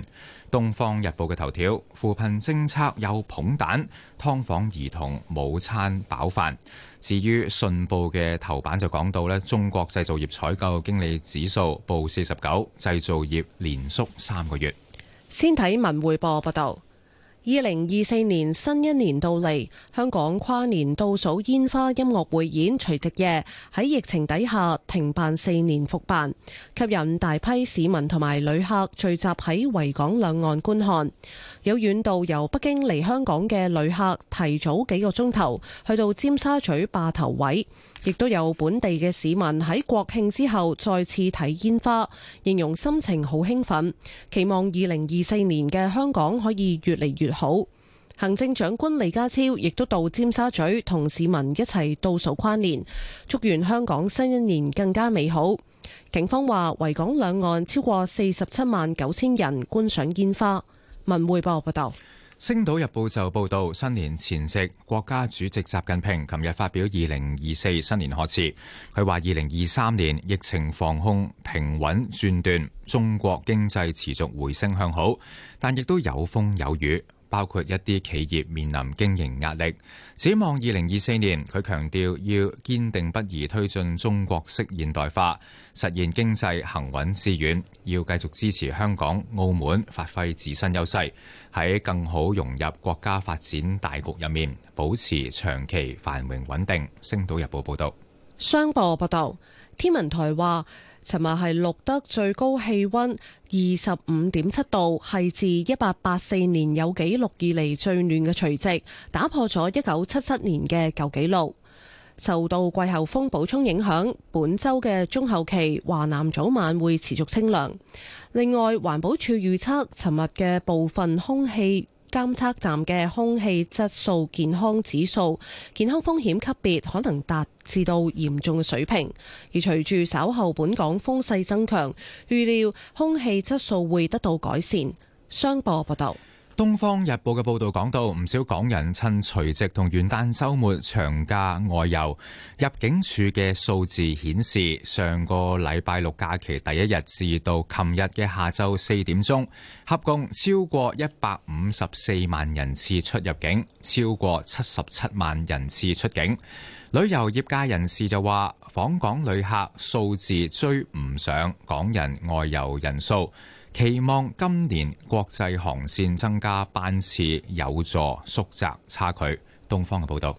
Speaker 4: 東方日報嘅頭條，扶貧政策有捧蛋，劏房兒童午餐飽飯。至於信報嘅頭版就講到咧，中國製造業採購經理指數報四十九，製造業連續三個月。
Speaker 3: 先睇文匯報報道。二零二四年新一年到嚟，香港跨年倒數煙花音樂匯演除夕夜喺疫情底下停辦四年復辦，吸引大批市民同埋旅客聚集喺維港兩岸觀看。有遠道由北京嚟香港嘅旅客提早幾個鐘頭去到尖沙咀霸頭位。亦都有本地嘅市民喺國慶之後再次睇煙花，形容心情好興奮，期望二零二四年嘅香港可以越嚟越好。行政長官李家超亦都到尖沙咀同市民一齊倒數跨年，祝願香港新一年更加美好。警方話，維港兩岸超過四十七萬九千人觀賞煙花。文匯報報道。
Speaker 4: 《星島日報》就報道，新年前夕，國家主席習近平琴日發表二零二四新年賀詞。佢話：二零二三年疫情防控平穩轉段，中國經濟持續回升向好，但亦都有風有雨。包括一啲企業面臨經營壓力。展望二零二四年，佢強調要堅定不移推進中國式現代化，實現經濟行穩致遠。要繼續支持香港、澳門發揮自身優勢，喺更好融入國家發展大局入面，保持長期繁榮穩定。《星島日報》報道，
Speaker 3: 商報報道，天文台話。尋日係錄得最高氣溫二十五點七度，係自一八八四年有記錄以嚟最暖嘅除夕，打破咗一九七七年嘅舊紀錄。受到季候風補充影響，本周嘅中後期華南早晚會持續清涼。另外，環保署預測尋日嘅部分空氣。監測站嘅空氣質素健康指數健康風險級別可能達至到嚴重嘅水平，而隨住稍後本港風勢增強，預料空氣質素會得到改善。商報報道。
Speaker 4: 《東方日報》嘅報導，講到，唔少港人趁除夕同元旦週末長假外遊。入境處嘅數字顯示，上個禮拜六假期第一日至到琴日嘅下晝四點鐘，合共超過一百五十四萬人次出入境，超過七十七萬人次出境。旅遊業界人士就話，訪港旅客數字追唔上港人外遊人數。期望今年國際航線增加班次，有助縮窄差距。東方嘅報道，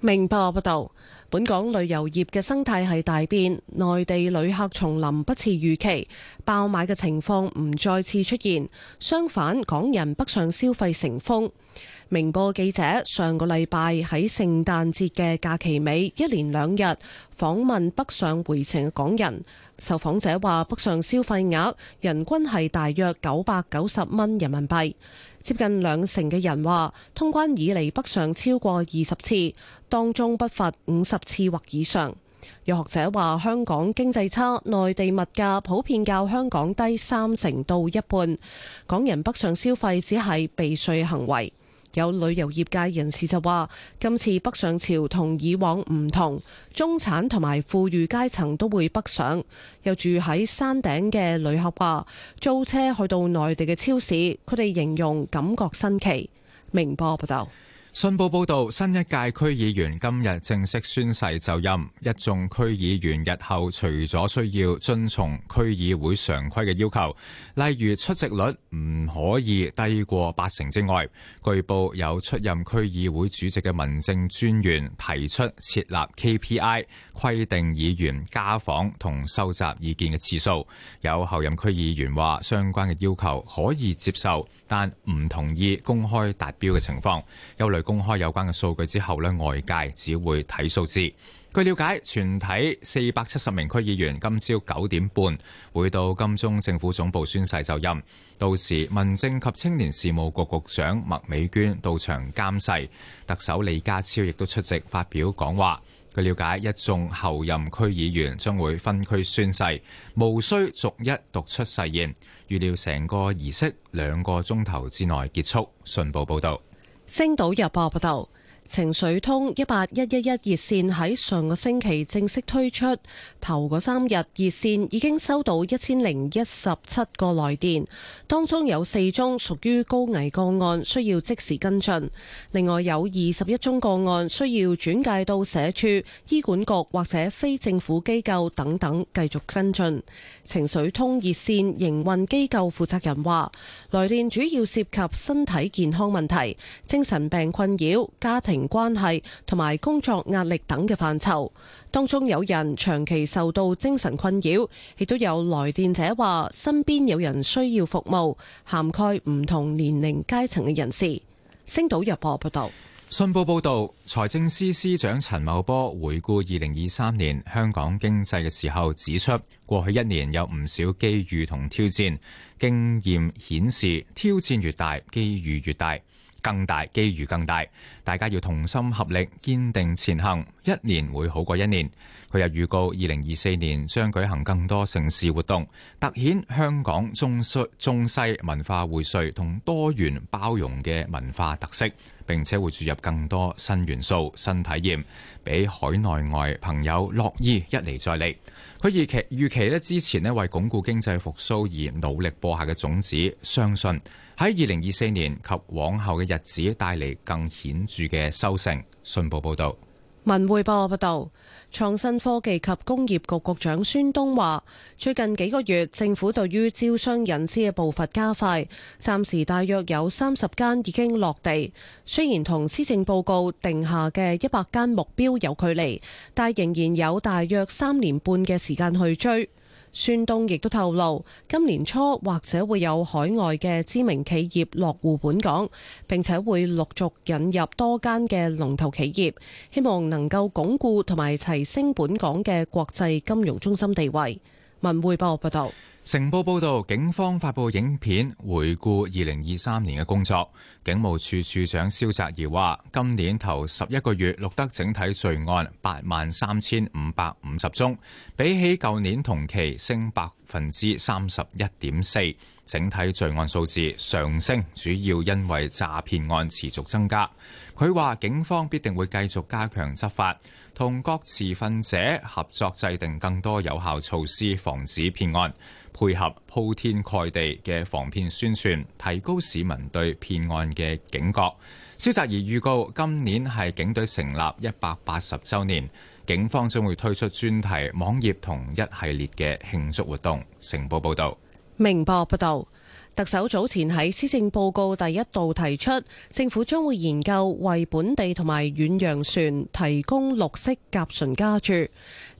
Speaker 3: 明報報道，本港旅遊業嘅生態係大變，內地旅客從林不似預期，爆買嘅情況唔再次出現，相反，港人北上消費成風。明報的記者上個禮拜喺聖誕節嘅假期尾一連兩日訪問北上回程嘅港人。受訪者話北上消費額人均係大約九百九十蚊人民幣，接近兩成嘅人話通關以嚟北上超過二十次，當中不乏五十次或以上。有學者話香港經濟差，內地物價普遍較香港低三成到一半，港人北上消費只係避稅行為。有旅遊業界人士就話：今次北上潮同以往唔同，中產同埋富裕階層都會北上。有住喺山頂嘅旅客話：租車去到內地嘅超市，佢哋形容感覺新奇。明
Speaker 4: 波報道。信報報導，新一屆區議員今日正式宣誓就任。一眾區議員日後除咗需要遵從區議會常規嘅要求，例如出席率唔可以低過八成之外，據報有出任區議會主席嘅民政專員提出設立 KPI。規定議員家訪同收集意見嘅次數，有候任區議員話相關嘅要求可以接受，但唔同意公開達標嘅情況。憂慮公開有關嘅數據之後咧，外界只會睇數字。據了解，全體四百七十名區議員今朝九點半會到金鐘政府總部宣誓就任，到時民政及青年事務局局長麥美娟到場監誓，特首李家超亦都出席發表講話。據了解，一眾候任區議員將會分區宣誓，無需逐一讀出誓言。預料成個儀式兩個鐘頭之內結束。信報報道，
Speaker 3: 星島日報報道。情緒通一八一一一熱線喺上個星期正式推出，頭嗰三日熱線已經收到一千零一十七個來電，當中有四宗屬於高危個案，需要即時跟進；另外有二十一宗個案需要轉介到社署、醫管局或者非政府機構等等繼續跟進。情緒通熱線營運機構負責人話，來電主要涉及身體健康問題、精神病困擾、家庭。關係同埋工作壓力等嘅範疇，當中有人長期受到精神困擾，亦都有來電者話身邊有人需要服務，涵蓋唔同年齡階層嘅人士。星島日報報道，
Speaker 4: 信報報道，財政司司長陳茂波回顧二零二三年香港經濟嘅時候指出，過去一年有唔少機遇同挑戰，經驗顯示挑戰越大，機遇越大。更大，機遇更大，大家要同心合力，堅定前行，一年會好過一年。佢又預告，二零二四年將舉行更多城市活動，凸顯香港中中西文化薈萃同多元包容嘅文化特色。並且會注入更多新元素、新體驗，俾海內外朋友樂意一嚟再嚟。佢預期預期咧，之前咧為鞏固經濟復甦而努力播下嘅種子，相信喺二零二四年及往後嘅日子帶嚟更顯著嘅收成。信報報道。
Speaker 3: 文匯報嘅報道。創新科技及工業局局長孫東話，最近幾個月，政府對於招商引資嘅步伐加快，暫時大約有三十間已經落地。雖然同施政報告定下嘅一百間目標有距離，但仍然有大約三年半嘅時間去追。孫東亦都透露，今年初或者會有海外嘅知名企業落戶本港，並且會陸續引入多間嘅龍頭企業，希望能夠鞏固同埋提升本港嘅國際金融中心地位。文匯報報道。
Speaker 4: 成報報道，警方發布影片回顧2023年嘅工作。警務處處長蕭澤頤話，今年頭十一個月錄得整體罪案八萬三千五百五十宗，比起舊年同期升百分之三十一點四。整體罪案數字上升，主要因為詐騙案持續增加。佢話警方必定會繼續加強執法，同各持份者合作，制定更多有效措施，防止騙案。配合鋪天蓋地嘅防騙宣傳，提高市民對騙案嘅警覺。蕭澤怡預告，今年係警隊成立一百八十週年，警方將會推出專題網頁同一系列嘅慶祝活動。成報報道。
Speaker 3: 明報報道，特首早前喺施政報告第一度提出，政府將會研究為本地同埋遠洋船提供綠色甲醇加注。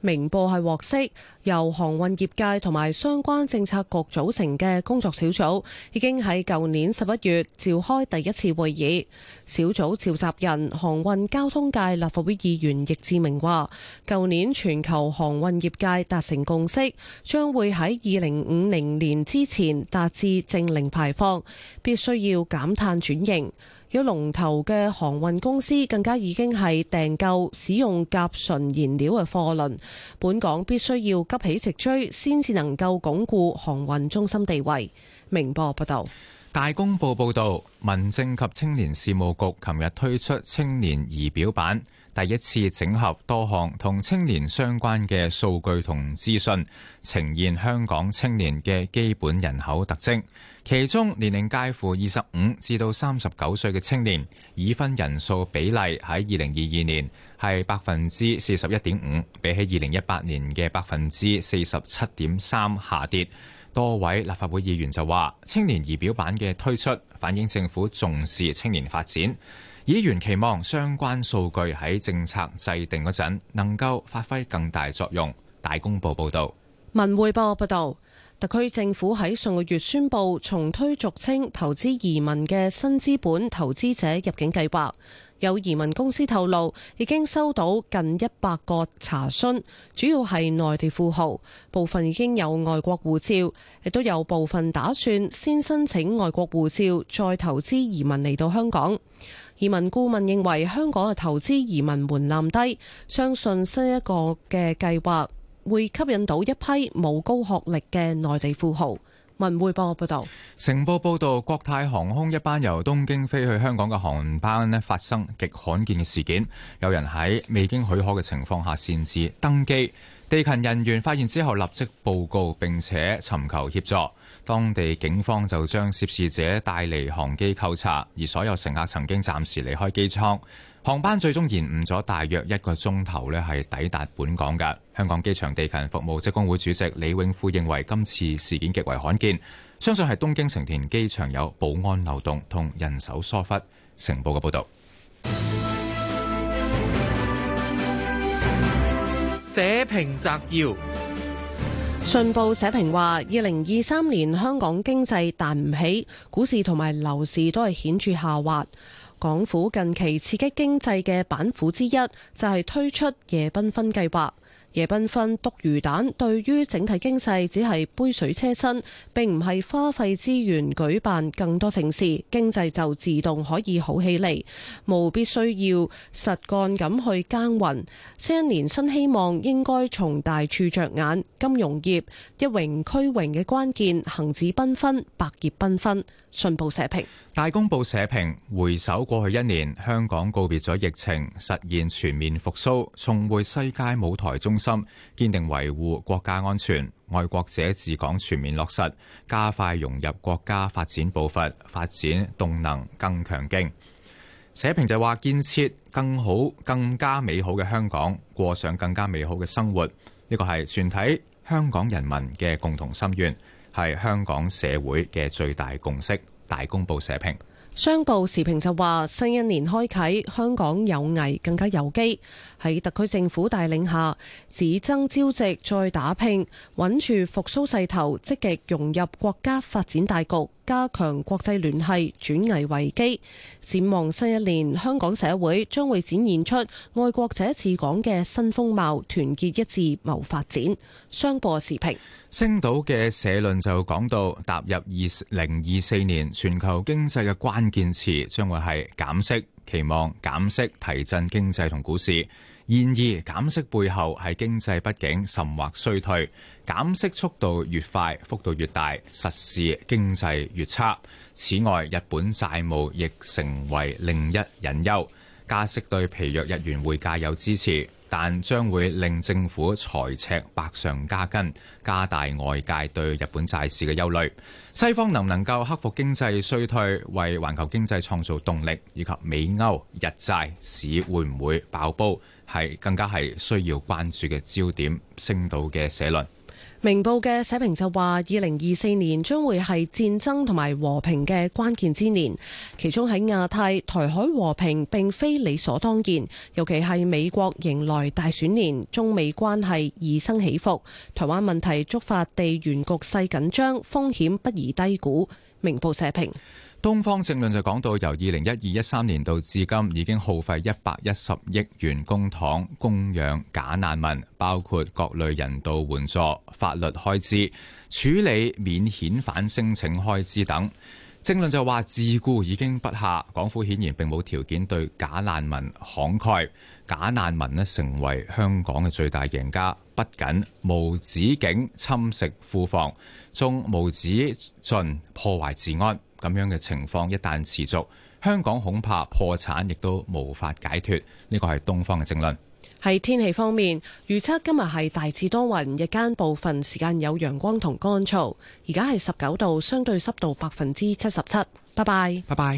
Speaker 3: 明報係獲悉，由航運業界同埋相關政策局組成嘅工作小組，已經喺舊年十一月召開第一次會議。小組召集人、航運交通界立法會議員易志明話，舊年全球航運業界達成共識，將會喺二零五零年之前達至淨零排放，必須要減碳轉型。有龍頭嘅航運公司更加已經係訂購使用甲醇燃料嘅貨輪，本港必須要急起直追，先至能夠鞏固航運中心地位。明報報道。
Speaker 4: 大公報報道，民政及青年事務局琴日推出青年儀表板。第一次整合多項同青年相關嘅數據同資訊，呈現香港青年嘅基本人口特徵。其中年齡介乎二十五至到三十九歲嘅青年已婚人數比例喺二零二二年係百分之四十一點五，比起二零一八年嘅百分之四十七點三下跌。多位立法會議員就話，青年儀表板嘅推出反映政府重視青年發展。議員期望相關數據喺政策制定嗰陣能夠發揮更大作用。大公報報道，
Speaker 3: 文匯報報道，特區政府喺上個月宣布重推俗稱投資移民嘅新資本投資者入境計劃。有移民公司透露，已經收到近一百個查詢，主要係內地富豪，部分已經有外國護照，亦都有部分打算先申請外國護照，再投資移民嚟到香港。移民顧問認為香港嘅投資移民門檻低，相信新一個嘅計劃會吸引到一批冇高學歷嘅內地富豪。文匯報報道，
Speaker 4: 成報報道，國泰航空一班由東京飛去香港嘅航班咧，發生極罕見嘅事件，有人喺未經許可嘅情況下擅自登機。地勤人員發現之後立即報告，並且尋求協助。當地警方就將涉事者帶離航機扣查，而所有乘客曾經暫時離開機艙。航班最終延誤咗大約一個鐘頭呢，係抵達本港㗎。香港機場地勤服務職工會主席李永富認為，今次事件極為罕見，相信係東京成田機場有保安漏洞同人手疏忽。成報嘅報道，
Speaker 7: 社評摘要。
Speaker 3: 信報社評話：二零二三年香港經濟彈唔起，股市同埋樓市都係顯著下滑。港府近期刺激經濟嘅板斧之一，就係、是、推出夜繽紛計劃。夜繽紛篤魚蛋，對於整體經濟只係杯水車薪，並唔係花費資源舉辦更多城市，經濟就自動可以好起嚟，務必需要實幹咁去耕耘。新一年新希望應該從大處着眼，金融業一榮俱榮嘅關鍵，行子繽紛，百業繽紛。信報社評，
Speaker 4: 大公報社評，回首過去一年，香港告別咗疫情，實現全面復甦，重回世界舞台中心。心堅定維護國家安全，愛國者治港全面落實，加快融入國家發展步伐，發展動能更強勁。社評就話：建設更好、更加美好嘅香港，過上更加美好嘅生活，呢個係全體香港人民嘅共同心願，係香港社會嘅最大共識。大公報社評，
Speaker 3: 商報時評就話：新一年開啟，香港有危更加有機。喺特區政府帶領下，只爭朝夕，再打拼，穩住復蘇勢頭，積極融入國家發展大局，加強國際聯繫，轉危為機。展望新一年，香港社會將會展現出愛國者治港嘅新風貌，團結一致謀發展。商報時評，
Speaker 4: 星島嘅社論就講到，踏入二零二四年，全球經濟嘅關鍵詞將會係減息，期望減息提振經濟同股市。然而減息背後係經濟不景，甚或衰退。減息速度越快，幅度越大，實是經濟越差。此外，日本債務亦成為另一隱憂。加息對疲弱日元匯價有支持，但將會令政府財赤百上加斤，加大外界對日本債市嘅憂慮。西方能唔能夠克服經濟衰退，為環球經濟創造動力，以及美歐日債市會唔會爆煲？係更加係需要關注嘅焦點，升到嘅社論。
Speaker 3: 明報嘅社評就話：二零二四年將會係戰爭同埋和平嘅關鍵之年，其中喺亞太、台海和平並非理所當然，尤其係美國迎來大選年，中美關係易生起伏，台灣問題觸發地緣局勢緊張，風險不宜低估。明報社評。
Speaker 4: 東方政論就講到由，由二零一二一三年度至今，已經耗費一百一十億元公帑供養假難民，包括各類人道援助、法律開支、處理免遣返申請開支等。政論就話，自顧已經不下，港府顯然並冇條件對假難民慷慨。假難民成為香港嘅最大贏家，不僅無止境侵蝕庫房，仲無止盡破壞治安。咁樣嘅情況一旦持續，香港恐怕破產，亦都無法解脫。呢個係東方嘅正論。
Speaker 3: 喺天氣方面，預測今日係大致多雲，日間部分時間有陽光同乾燥。而家係十九度，
Speaker 9: 相對濕度百分之七十七。拜拜，拜拜。